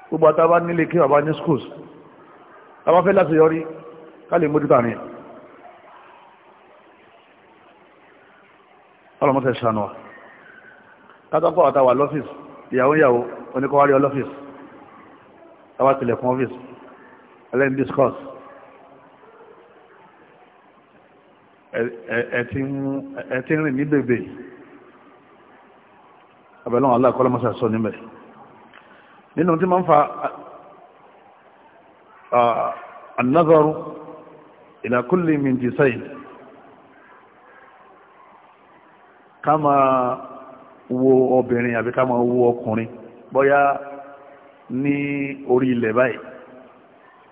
gbogbo àtàbá nílé kí bàbá ní schools bàbá fẹ́ láti yọrí ká lè mójútó àárín ọlọ́mọ́sẹ̀ ṣànúwà kátàpọ̀ àtàwà lọ́fíìsì ìyàwó ìyàwó oníkọwárí ọlọ́fíìsì àwọn tilẹ̀kùn ọ́fíìsì ẹlẹ́ni discourse ẹ̀ ti ń rìn ní bèbè abẹ́lọ́wọ́n aláàkọ́lọ́mọ́sà sọ níbẹ̀ nínú tí ma ń fa annazaru ila kulli min jisai ká ma wo obìnrin àbí ká ma wo ọkùnrin bóyá ní orí ilẹ̀ báyìí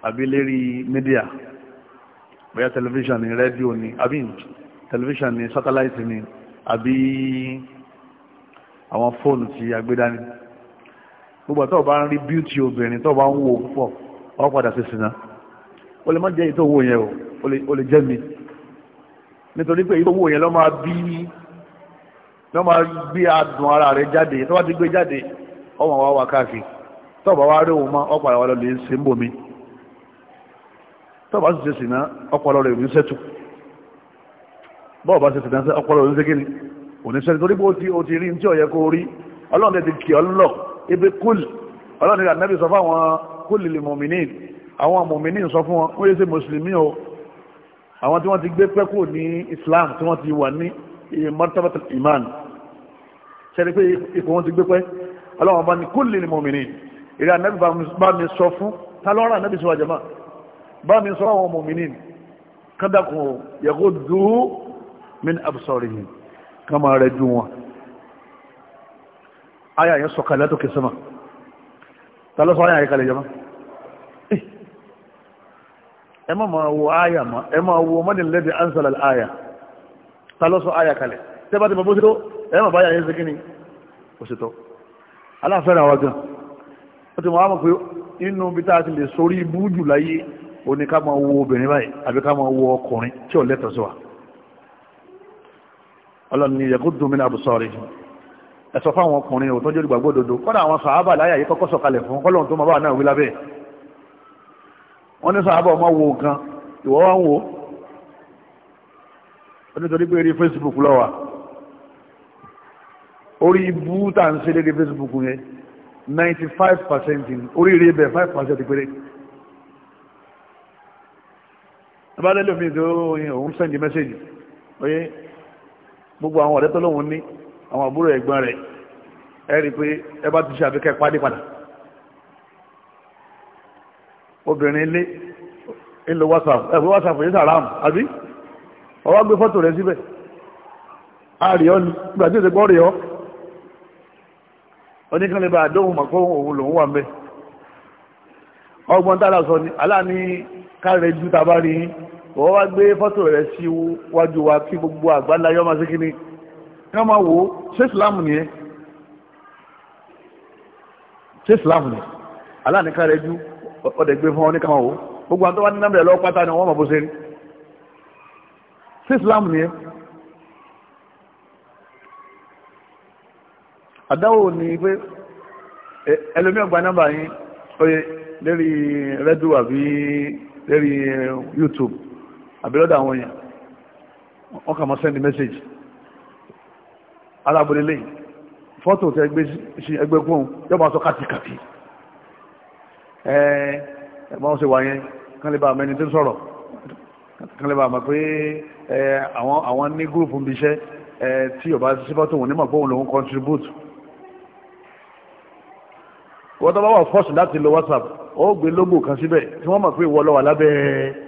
àbí lérí mídíà bóyá tẹlifíṣàn ni, rẹ́díò ní àbí tẹlifíṣàn ní sátáláìtì ní àbí àwọn fóònù ti agbédání gbogbo àtọ́ bá ń rí bíútì obìnrin tó bá ń wo púpọ̀ ọ padà sí sinna o lè má jẹ́ ìtò owó yẹn o o lè jẹ́ mi nítorí pé ìtò owó yẹn lọ́ máa bí lọ́ máa bí adùn ara rẹ̀ jáde tó bá ti gbé jáde ọmọ wa wà káàkiri tó bá wá rí òun mọ́ ọ padà wà lọ lè ṣe ń bomi tó bá sì ṣe sinna ọpọlọ rẹ̀ ò sẹ́tù bọ́ọ̀ bá ṣe sinna ọpọlọ rẹ̀ ò ní kò ní sẹ́ni torí pé o ti rí ní tí ó yẹ kó rí ọlọ́run ti kì ọ́ lọ ebi kúlì ọlọ́run ti ànábì sọ fún àwọn kúlì lè mọ̀mìnì àwọn mọ̀mìnì sọ fún wọn wọ́n yé ṣe mùsùlùmí o àwọn tí wọ́n ti gbé pẹ́kù ní Islam tí wọ́n ti wà ní martabatul iman sẹ́ni pé ipò wọn ti gbé pẹ́ ọlọ́run bá ní kúlì lè mọ̀mìnì ìrẹ́ ànábì bá mi sọ fún ta lọ́rọ̀ sọ àjẹmọ́ bá mi sọ àwọn mọ̀mìnì kádàkùn yaquddu min absarihim kan máa rẹ̀ ju wọn aya yẹn sọ̀kà látòkè sọ́mà ta ló sọ aya yẹn kalẹ̀ jọba eh. ẹ má máa wo aya ma ẹ máa wo mọ́nìlẹ́dẹ̀ ansala aya ta ló sọ aya kalẹ̀ tẹ́ bá ti mọ̀ bó ṣe tó ẹ má bá aya yẹn ṣe kí ni ó ṣe tó aláfẹ́ràn wa gan ó ti mọ̀ wá pé inú bí tá ti lè sorí ibú láyé oníkà máa wo obìnrin báyìí àbí ká wo ọkùnrin tí ò lẹ́tọ̀ọ́ sí wa ọlọ́ni yẹ̀gúdù mi náà bùsọ̀rì ẹ̀sọ́ fáwọn ọkùnrin ò tó jẹ́ olùgbàgbọ́ òdodo kọ́dà àwọn sàábà láyà yìí kọ́kọ́ sọ̀kalẹ̀ fún kọ́lọ́n tó máa bá náà wí lábẹ́ wọ́n ní sàábà ọmọ wo nǹkan ìwọ́ wá ń wo onítorí pé rí Facebook lọ́wà orí ibú tà ń ṣe lérí Facebook yẹn 95% orí rí ibẹ̀ 5% péré abádẹ́lẹ̀ mi tó òun sẹ́ndì mẹ́sẹ̀jì gbogbo àwọn ọ̀rẹ́ tọ́lọ́hun ní àwọn àbúrò ẹ̀gbọ́n rẹ̀ ẹ rí i pé ẹ bá ti ṣe àfikẹ́ pàdé padà obìnrin ilé ńlọ whatsapp ẹ fi whatsapp yìí sàrà àmù àbí ọwọ́ gbé fọ́tò rẹ̀ síbẹ̀ àríọ́ ni gbà tí ìṣègbọ́ rí ọ oníkanlẹ̀ bá àdóhùn mọ̀kọ́ òun lòun wà mẹ́ ọgbọ́n tààrà sọ ni aláàní kárẹ̀ ju tàbá rí yín wọ́n wá gbé fọ́tò rẹ̀ sí wájú wa kí gbogbo àgbàlá yọ́ máa ṣe kíní yọ́ máa wò ó ṣé ìsìláàmù nìyẹn ṣé ìsìláàmù nìyẹn aláàníkà rẹ̀ ju ọ̀dẹ̀ gbé fún ọ ní kàmáwó gbogbo àwọn tó wá ní nàmbẹ̀rẹ̀ lọ́wọ́ pátá ni wọ́n mọ̀ bó ṣe rí ṣé ìsìláàmù nìyẹn àdáwò ni pé ẹlòmí ọgbà nàmbà yín lórí rédíò àbí lórí YouTube àbílọ́dọ̀ àwọn èèyàn wọ́n kà máa send message alábòlé lẹ́yìn fọ́tò tẹ gbé sí ẹgbẹ́ fóun yóò máa sọ kàtìkàtì ẹ̀ẹ́ ẹ̀gbọ́n ṣe wà yẹn kán lè bá àmọ́ ẹni tó sọ̀rọ̀ kán lè bá àmọ́ pé àwọn ní gúrùpù ń biṣẹ́ tí ọba sí fọ́tò wọn nímọ̀ fóun lòun contribute wọ́n tó bá wà fọ́ọ̀sì láti lo WhatsApp ó gbé lógò kan síbẹ̀ tí wọ́n mọ̀ pé ìwọ ló wà lábẹ́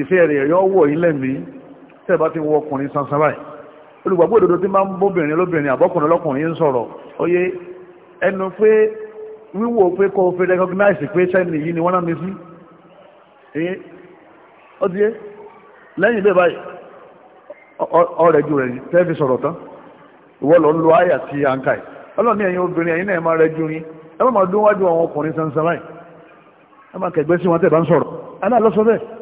iṣẹ́ rẹ̀ yọ wọ̀ ilẹ̀ mi tẹ́ bá ti wọ ọkùnrin sansan báyìí olùgbàgbọ́ òdodo tí máa ń bóbìnrin lóbìnrin àbọ́kùnrin ọlọ́kùnrin ń sọ̀rọ̀ oyé ẹnu pé wíwò pé kọ́ fi recognize pé sẹ́ni yìí ni wọ́n náà mi sí ẹ̀yẹ ó ti yé lẹ́yìn bẹ́ẹ̀ báyìí ọ̀rẹ́ ju rẹ̀ tẹ́ fi sọ̀rọ̀ tán ìwọ lọ ń lo àyà ti àǹkà yìí ọlọ́ọ̀ni ẹ̀yin obìnrin ẹ̀yin náà máa rẹ ju yín ẹ má máa dún wájú àwọn ọkùnrin sansan báyìí ẹ má kẹgbẹ́ sí wọn tẹ́ bá ń sọ̀rọ̀ aná lọ́sọ bẹ́ẹ̀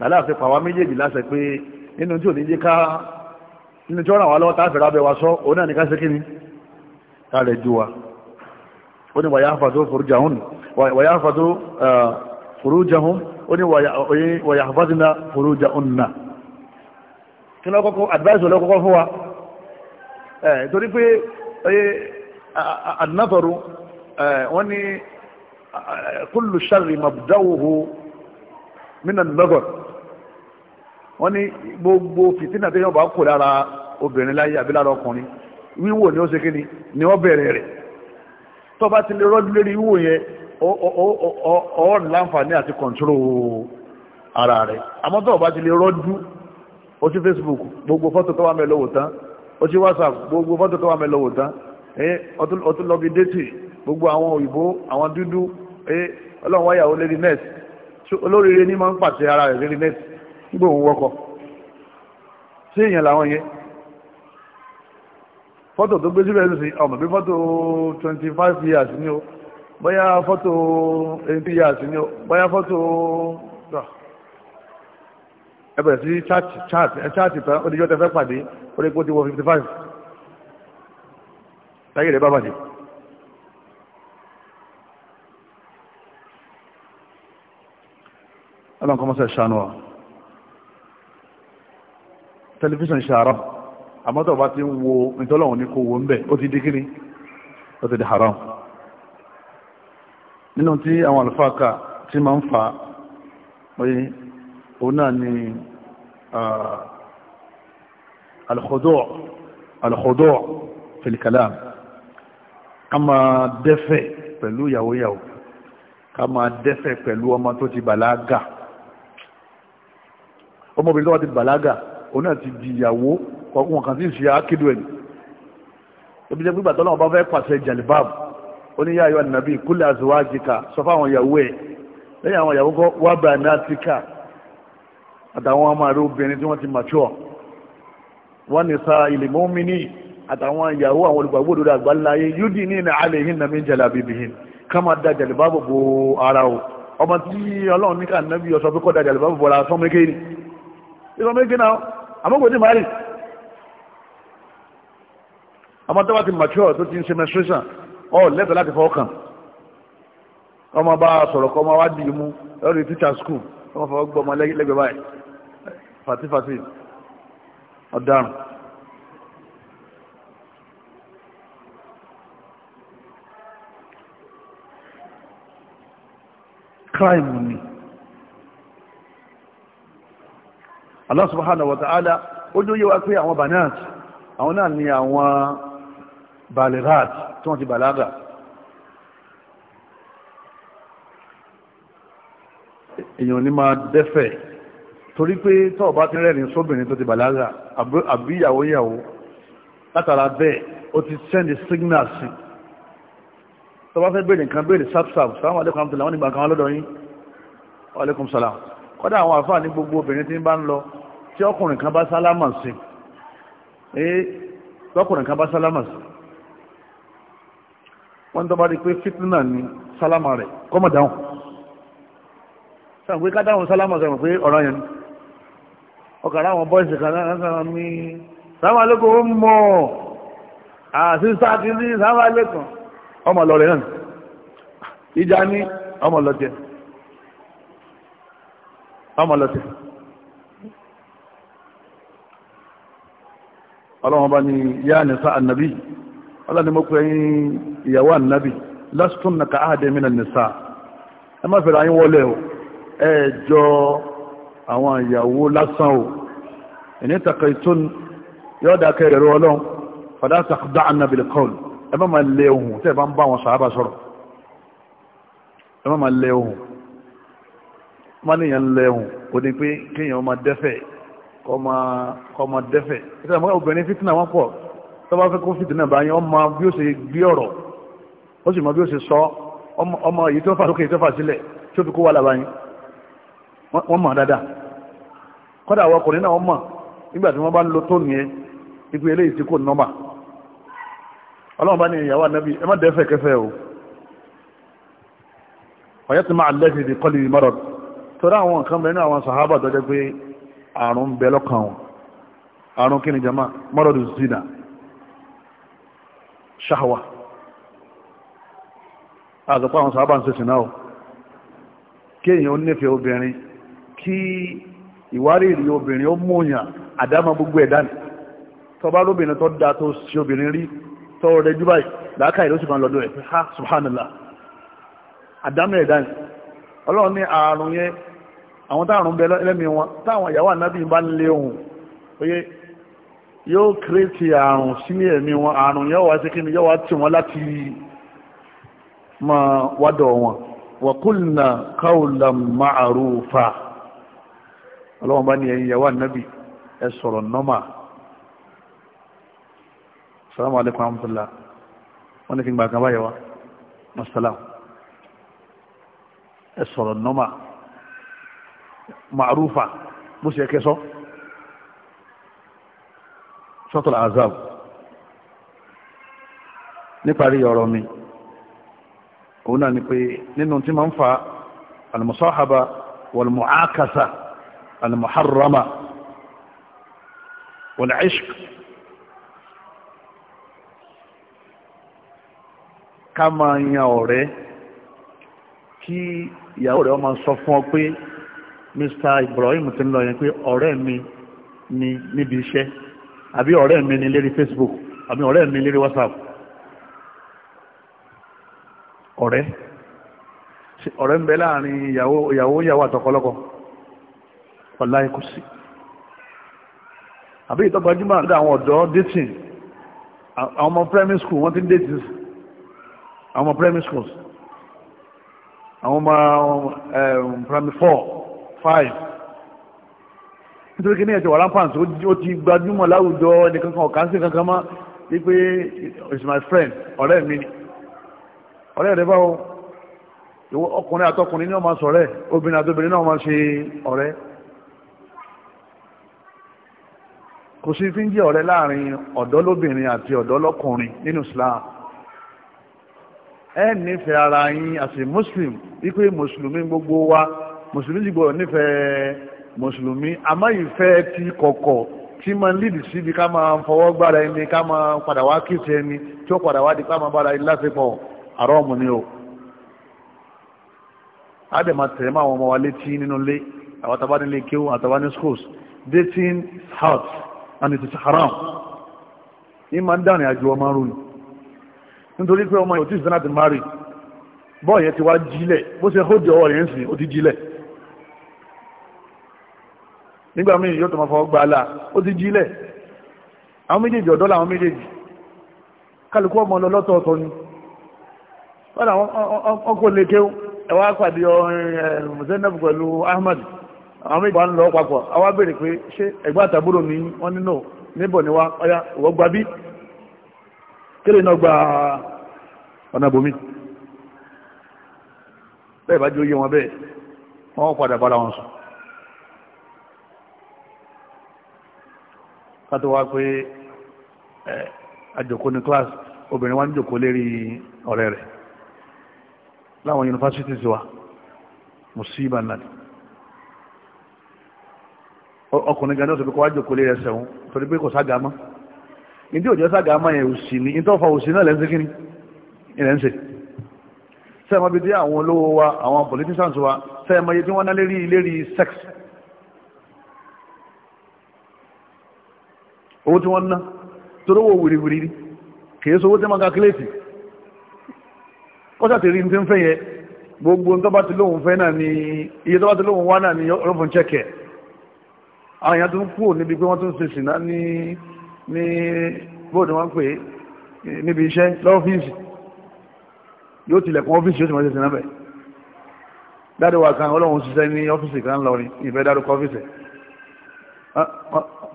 làláàfin pàwọ́ méjèèjì láṣẹ pé nínú tí ò ní jẹ́ ká nínú tí ó ràn wá lọ́wọ́ táàfẹ́ rábẹ́ wa sọ òun náà ní ká ṣe kí ni ká rẹ̀ ju wa ó ní wàyá àfàdó fòrújàhún wàyá àfàdó kullu sharri mabda'uhu min an-nazar wọ́n ní gbogbo fìtínà tó yàn bá kò lára obìnrin láyé àbí lára ọkùnrin wíwò ni ó ṣe kíni ni wọ́n bẹ̀rẹ̀ rẹ̀ tó bá ti lè rọ́jú lérí wíwò yẹn ọ̀ọ́ láǹfààní àti kọ̀ǹtúrò ara rẹ̀ àmọ́ tó bá ti lè rọ́jú ó sí Facebook gbogbo fọ́tò tó wà mẹ́lọ́wọ́ tán ó sí WhatsApp gbogbo fọ́tò tó wà mẹ́lọ́wọ́ tán ẹ ọtún lọ bí déètì gbogbo àwọn òyìnbó àwọn dúdú ẹ ọlọ́run wáyàwó lérí nẹ́ẹ̀tì olóríire ní máa ń pàṣẹ ara rẹ̀ lérí nẹ́ẹ̀tì nígbà òun wọ́kọ̀ sí èèyàn làwọn yẹn fọ́tò tó gbé síbẹ̀ ló sì ọmọ bí fọ́tò 25 years ni o bóyá fọ́tò 80 years ni o bóyá fọ́tò ẹbẹ̀rẹ̀ sí chaati tán ó níjọ́ tẹ́fẹ́ pàdé ó lè kó ti wọ 55 táyé rẹ̀ bá bàjẹ́ ọlọ́nkọ́ mọ́sẹ̀ ṣàánú wa tẹlifíṣàn ṣàrá àmọ́tọ̀ bá ti ń wo ìtọ́lọ̀wọ̀n ní kò wo ń bẹ̀ ó ti di kíní ó ti di haram nínú tí àwọn alfáàkà tí ma ń fa oye òun náà ni alkhudu alkhudu fil kalam ká máa dẹ́fẹ̀ pẹ̀lú ìyàwó ká máa dẹ́fẹ̀ pẹ̀lú ọmọ tó ti bàlágà ọmọbìnrin tó wá ti bàlágà òun náà ti di ìyàwó kọkùn kan tí ń ṣe akédò ẹni ebi jẹ́ pípa tọ́lọ́wọ́ bá fẹ́ pàṣẹ jalibab oníyà ayọ́ nàbí kúlẹ̀ àzọwájìká sọ fáwọn ìyàwó ẹ̀ lẹ́yìn àwọn ìyàwó kọ́ wà bá nàtíkà àtàwọn ọmọ rẹ̀ obìnrin tí wọ́n ti mature wọ́n ní sa ilẹ̀ mọ́mìnì àtàwọn ìyàwó àwọn olùgbàgbọ́ òdodo àgbáláyé yúdì ní ìnà alẹ́ yìí nàmí jalabibihin ká máa da jalibab bo ara o ọmọ tí ọlọ́run ní ká nàbí ọ̀sọ́ pé kọ́ da àmọ́kò tí mari ọmọ tó bá ti mature tó ti ń ṣe menstruation ọ lẹ́tọ̀ láti fọ́ọ̀kàn ọmọ bá sọ̀rọ̀ kọ́ ọmọ wá dì mú lórí teacher school ọmọ fọwọ́ gbọ́ ọmọ lẹ́gbẹ̀ẹ́ báyìí fatifati ọ̀daràn crime ni Allah subhanahu wa ta'ala ó ló yé wa pé àwọn banat àwọn náà ni àwọn balirat tí wọ́n ti balaga èèyàn ní máa dẹ́fẹ̀ torí pé tó bá ti rẹ́rìn sóbìnrin tó ti balaga àbí ìyàwó ìyàwó látara bẹ́ẹ̀ ó ti send signal sí tó bá fẹ́ bèèrè nǹkan bèèrè sapsap sáwọn alẹ́kùn àwọn ìgbà kan lọ́dọ̀ yín wa alaikum salam kọ́dá àwọn àfáà ní gbogbo obìnrin tí ń bá ń lọ tí ọkùnrin kan bá sálámà sí ee lọ́kùnrin kan bá sálámà sí wọ́n tó bá rí pé fitna ni sálámà rẹ̀ kọ́mọ̀ dáhùn sáà pé ká dáhùn sálámà sọ̀rọ̀ pé ọ̀rọ̀ yẹn Ọkara àwọn bọ́ìsì kan náà sáà mi mọ̀ àti sáà kìíní ọmọ náà ọmọ lọ sí ọlọ́wọ́n bá ní yá nìsá annabi ọlọ́ni mọ́kù ẹ̀yìn ìyàwó annabi lásìtún na káàdé mìnà nìsá ẹ má fẹ́ra yín wọlé o ẹ jọ àwọn ìyàwó lásán o ẹni takà ìtún yóò dá kẹrẹ rẹ ọlọ́run fàdá sàkúdá annabi lè kọ́ọ̀lù ẹ má máa lé ohun tẹ́ ẹ bá ń bá àwọn sàábà sọ̀rọ̀ ẹ má máa lé ohun mánìyàn lẹ́hùn ó ní pé kéèyàn máa dẹ́fẹ̀ kọ́ máa dẹ́fẹ̀ ìṣẹ́ àmọ́ obìnrin fìtínà wọn pọ̀ tó bá fẹ́ kó fìtínà bá yẹn ọmọ bí ó ṣe gbé ọ̀rọ̀ ó sì mọ bí ó ṣe sọ ọmọ èyí tó fà sókè èyí tó fà sílẹ̀ tí ó fi kó wà lábá yín wọ́n mọ̀ dáadáa kọ́dà àwọn ọkùnrin náà wọ́n mọ̀ nígbà tí wọ́n bá ń lo tóònù yẹn ipe eléyìí tí kò nọ́mà ọlọ́run bá ní ìyàwó ànábì ẹ má dẹ́fẹ̀ kẹfẹ́ o ọ̀yẹ́ ti máa lẹ́sìn ìdíkọ́lì mọ́rọ̀dù torí àwọn nǹkan bẹ̀rẹ̀ náà àwọn sàhábà tó jẹ́ pé àrùn bẹ lọ́kàn wọn àrùn kí zina ṣáhàwà àgbàpá àwọn sàhábà ń ṣe sìnà o kí ó nífẹ̀ẹ́ obìnrin kí ìwárìrì obìnrin ó múyàn àdámà gbogbo ẹ̀dá ni tó bá lóbìnrin tó dá tó sí obìnrin rí tó báyìí làákàyè ló sì ha subhanallah àdámà ọlọ́run ní ààrùn yẹn àwọn táàrùn bẹ lẹ́mí wọn táwọn ìyàwó ànábì bá ń lé ohun oye yóò kírètì ààrùn sí ẹ̀mí wọn ààrùn yóò wá sí kí ni yóò wá tì wọn láti máa wádọ̀ wọn wa qulna qawlan ma'rufa ọlọ́run bá ní ẹ̀yin ìyàwó ànábì ẹ sọ̀rọ̀ nọ́mà salamu alaykum wa rahmatulah wọn ni kí n gbà kan báyẹ̀wá ẹ sọ̀rọ̀ nọ́mà ma'rufa bó ṣe kẹsọ sọ́tọ̀lá azab níparí ọ̀rọ̀ mi òun náà ni pé nínú tí máa ń fa almusahaba walmuakasa almuharrama walishq ká máa yan ọ̀rẹ́ kí ìyàwó rẹ̀ ọmọ sọ fún ọ pé Mr. Ibrahim ti ń lọ yẹn pé ọ̀rẹ́ mi ni níbi iṣẹ́ àbí ọ̀rẹ́ mi ni lérí Facebook àbí ọ̀rẹ́ mi lérí WhatsApp ọ̀rẹ́ ọ̀rẹ́ ń bẹ láàrin ìyàwó ìyàwó àtọkọlọ́kọ ọ̀la ikú sí àbí ìtọ́gbajúmọ̀ àti àwọn ọ̀dọ́ dating àwọn ọmọ primary school wọ́n ti ń dating àwọn ọmọ primary schools àwọn ọmọ um, primary four five nítorí kí ní ẹ̀tọ́ wà lámpáǹsì ó ti gbajúmọ̀ láwùjọ ẹnìkankan ọ̀kánsí kankan má wípé it's my friend ọ̀rẹ́ mi ni ọ̀rẹ́ rẹ̀ báwo ọkùnrin àtọkùnrin náà máa sọ̀rẹ́ obìnrin àtobìnrin náà máa ṣe ọ̀rẹ́ kò sí fi ń jẹ́ ọ̀rẹ́ láàrin ọ̀dọ́ àti ọ̀dọ́ nínú Islam ẹ nífẹ̀ẹ́ ara yín as a muslim wípé mùsùlùmí gbogbo wa mùsùlùmí ti gbọ́dọ̀ nífẹ̀ẹ́ mùsùlùmí àmọ́ ti kọ̀kọ̀ tí máa ń lídì síbi ká máa fọwọ́ gbára ẹni ká máa padà wá kíìsì ẹni tí ó padà wá di ká máa bára ẹni lásìkò àrọ́ ọmọ ni o. a dẹ̀ máa tẹ̀lé máa wọn ọmọ wa létí nínú ilé àwọn tàbá nílé kéwù àtàbá ní schools dating house and it is haram. ní ń dàrin àjò ọmọ rú nítorí pé ọmọ ìwòtí ìsinmi àti mari bọ́ọ̀ yẹn ti wá jílẹ̀ bó ṣe hóde ọwọ́ rẹ̀ ń sìn ó ti jílẹ̀ nígbà míì yóò tó fọwọ́ gba ó ti jílẹ̀ àwọn méjèèjì ọ̀dọ́ làwọn méjèèjì kálukú ọmọ lọ lọ́tọ̀ọ̀tọ̀ ni wọ́n àwọn ọkọ̀ lékè ẹ̀wá pàdé pẹ̀lú ahmed àwọn wọn lọ papọ̀ àwọn pé ṣé ẹ̀gbọ́n àtàbúrò ni wọ́n nínú níbọ̀ ọya kílè náà gba ọ̀nà bòmí bẹ́ẹ̀ bá jóyé wọn bẹ́ẹ̀ wọ́n padà bára wọn sùn kátó wá pé àjòkó ní class obìnrin wá ń jòkó lérí ọ̀rẹ́ rẹ̀ láwọn yunifásitì sí wa musíbà náà ọkùnrin gan náà sọ pé kó wá jòkó lérí ẹsẹ̀ wọn torí pé kò ságà mọ́ ìdí òjò ságàmà yẹn òsì ní ìtọ́fà òsì náà lẹ́nsẹ́ kí ni ìrẹ́nsẹ̀ sẹ́ẹ̀mọ́ bí tí àwọn olówó wa àwọn politicians wa sẹ́ẹ̀mọ́ yẹ tí wọ́n ná lérí lérí sex owó tí wọ́n ná torówó wìrìwìrì ni kìí sọ owó tí wọ́n kàkílẹ̀tì kọ́sà ti rí ní tí ń fẹ́ yẹ gbogbo tó bá ti lóhun fẹ́ náà ni iye tó bá ti lóhun wá náà ni ọlọ́fun chẹ́kẹ̀ àwọn èèyàn tó ń kúrò níbi pé wọ́n tó ń ṣe sìná ní ní bóòdù wọn pè eh, níbi iṣẹ́ lọ́fíìsì yóò tilẹ̀kùn ọ́fíìsì yóò ti mọ̀ ṣe sinabẹ̀ dáadé wa kan ọlọ́run ṣiṣẹ́ ní ọ́fíìsì kan lọ́rin ìfẹ́ dárúkọ ọ́fíìsì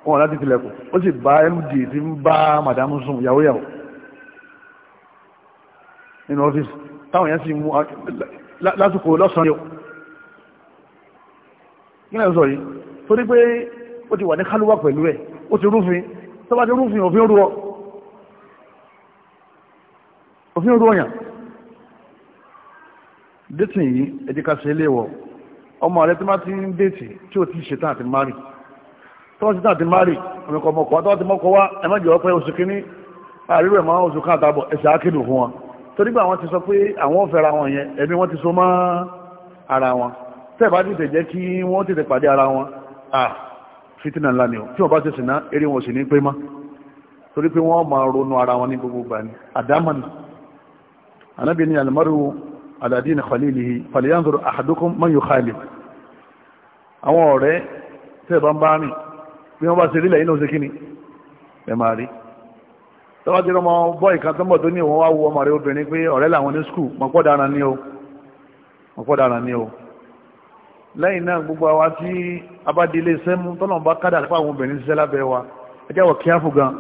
wọn láti tilẹ̀kùn ó sì bá md ti ń bá madam sùn yàwó yàwó nínú ọ́fíìsì táwọn yẹn sì mú ah, lásìkò lọ́sàn-án yóò kí náà sọ yìí torí pé ó ti wà ní kálúwà pẹ̀lú ẹ̀ ó ti rúfin tó bá ti rúfin òfin orú ọ òfin orú ọyàn dẹ́tì yìí ẹ̀díkà sí ilé wọ ọmọ rẹ tí má ti ń dẹ́tì tí ó ti ṣetán àti mari tó wọ́n ti tàn àti mari ọmọkọ̀ ọmọkọ̀ wá tó wọ́n ti mọ́kọ̀ wá ẹ má jẹ́ ọpẹ́ oṣù kínní àríwá ẹ̀ máa oṣù káàtàbọ̀ ẹ̀sẹ̀ ákìlù fún wọn torí pé àwọn ti sọ pé àwọn fẹ́ra wọn yẹn ẹ̀mí wọ́n ti so mọ́ ara wọn tẹ́ẹ̀ bá tètè jẹ́ kí wọ́n tètè pàdé ara wọn ah fitina ńlá ni o tí wọ́n bá ṣe sìnà eré wọn sì ní pé má torí pé wọ́n máa ronú ara wọn ní gbogbo gbà ní àdámà ni anábì ní almaru ala dini khalilihi falyanzur ahadukum man yukhalil àwọn ọ̀rẹ́ tẹ́ bá ń bá rìn bí wọ́n bá ṣe rí lẹ́yìn náà ṣe kí ni ẹ máa rí tọ́wọ́ ti rọmọ bọ́ ìkan tó ń bọ̀ tó ní ìwọ̀n wá wo ọmọ rẹ obìnrin pé ọ̀rẹ́ làwọn ní skul mọ̀pọ̀ dára ní o mọ̀pọ̀ dára ní o lẹ́yìn náà gbogbo àwa tí abádilé iṣẹ́ mú tọ́nà bá kádà fún àwọn obìnrin ṣiṣẹ́ lábẹ́ wa ẹ jẹ́ wọ kí á fún gan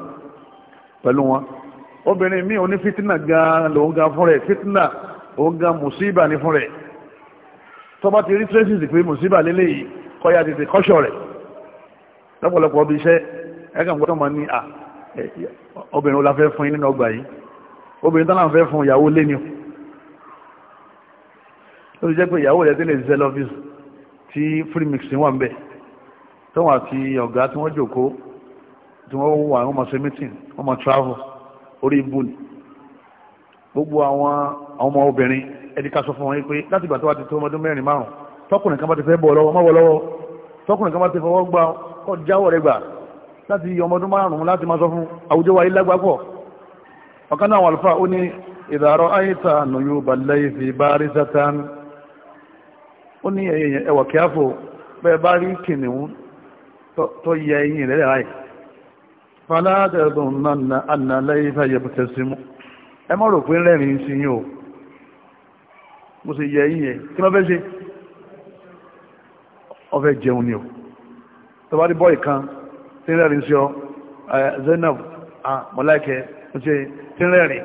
pẹ̀lú wọn obìnrin míì oní fítínà gan lòun gan fún rẹ̀ fítínà òun gan mùsíbà ní fún rẹ̀ tọ́ba ti rí traces pé mùsíbà lélẹ́yìí kọ́ya tètè kọ́ṣọ̀ rẹ̀ lọ́pọ̀lọpọ̀ ọbí iṣẹ́ ẹgbẹ̀ mọ́tọ́ ma ní à tí free mixing wà ń bẹ̀ tọ́wọ́n àti ọ̀gá tí wọ́n jòkó tí wọ́n wà wọ́n máa ṣe meeting wọ́n máa travel orí ibu ni gbogbo àwọn ọmọ obìnrin ẹni ká sọ fún wọn pé láti ìgbà tó wà ti tó ọmọdún mẹ́rin márùn tọkùnrin kan bá ti fẹ́ bọ̀ lọ́wọ́ mọ́wọ́ lọ́wọ́ tọkùnrin kan bá ti fọwọ́ gbà kọ́ jáwọ́ rẹ̀ gbà láti ọmọdún márùn láti máa sọ fún àwùjọ wa yìí lágbàpọ̀ ọ̀kan náà àwọn àlùfáà ó ní ìdàrọ̀ àyíta nùyú balẹ̀ ìfì bá rí sátán ó ní ẹwà kíáfò bẹ́ẹ̀ bá rí kìnìún tó yẹ ẹ̀yìn rẹ̀ ráì faládẹ̀dùn náà annalẹ́ ìfẹ́yẹ̀bùtẹ̀ sí mú ẹ mọ́ rò pé rẹ̀rin sí mo yẹ ẹ̀yìn ẹ̀ kí ló fẹ́ ṣe ọfẹ́ jẹun ni o tó bá rí bọ́ ìkan tí rẹ̀rin sí ọ mọ̀láìkẹ́ mo ṣe tí rẹ̀rin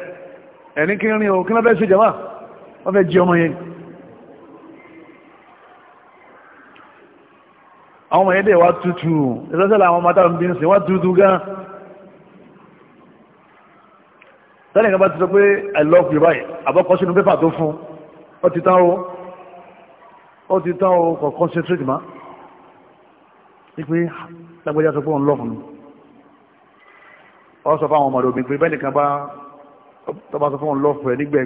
ẹ̀rín kí o kí ló fẹ́ ṣe jẹ́ àwọn ọmọ wá tútù ìsọ́sẹ́lẹ̀ àwọn ọmọ táwọn bí ń sìn wá tútù gan tẹ́lẹ̀ kan ti sọ pé i love you báyìí àbọ̀kọ́ sínú pépà tó fún ó ti tán o ó ti tán o kò concentrate ma. ipe lágbẹ́já sọ pé òun lọ́fún ọ sọ fún àwọn ọmọdé obìnrin pé bẹ́ẹ̀ nìkan bá tó sọ fún òun lọ́fún ẹ nígbà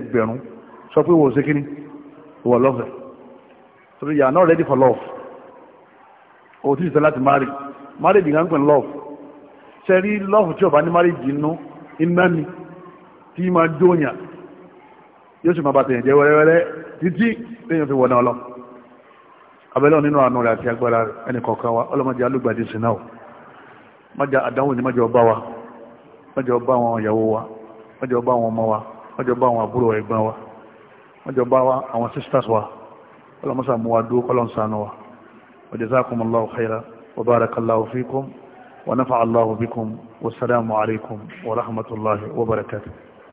sọ pé wò ó ṣe kíní wò ó lọ́fún ẹ so you are not ready for love o ti sọ láti marry marriage gan pẹ̀lú love ṣe rí love tí ọba ní marriage inú iná ni tí ma jóyàn yóò sì máa bá tèèyàn jẹ wẹ́rẹ́wẹ́rẹ́ títí téèyàn fi wọ̀nà ọlọ abẹ́lẹ́ nínú àánú rẹ̀ àti agbára ẹnì kọ̀ọ̀kan wa ọlọ́mọdé alúgbàdì sí náà mọ́jà àdánwò ní mọ́jà ọba wa mọ́jà ọba àwọn ìyàwó wa mọ́jà ọba àwọn ọmọ wa mọ́jà ọba àwọn àbúrò ẹ̀gbọ́n wa mọ́jà ọba àwọn sisters wa ọlọ́mọsàmúwa dúró kọ́lọ́nsánú wa وجزاكم الله خيرا وبارك الله فيكم ونفع الله بكم والسلام عليكم ورحمة الله وبركاته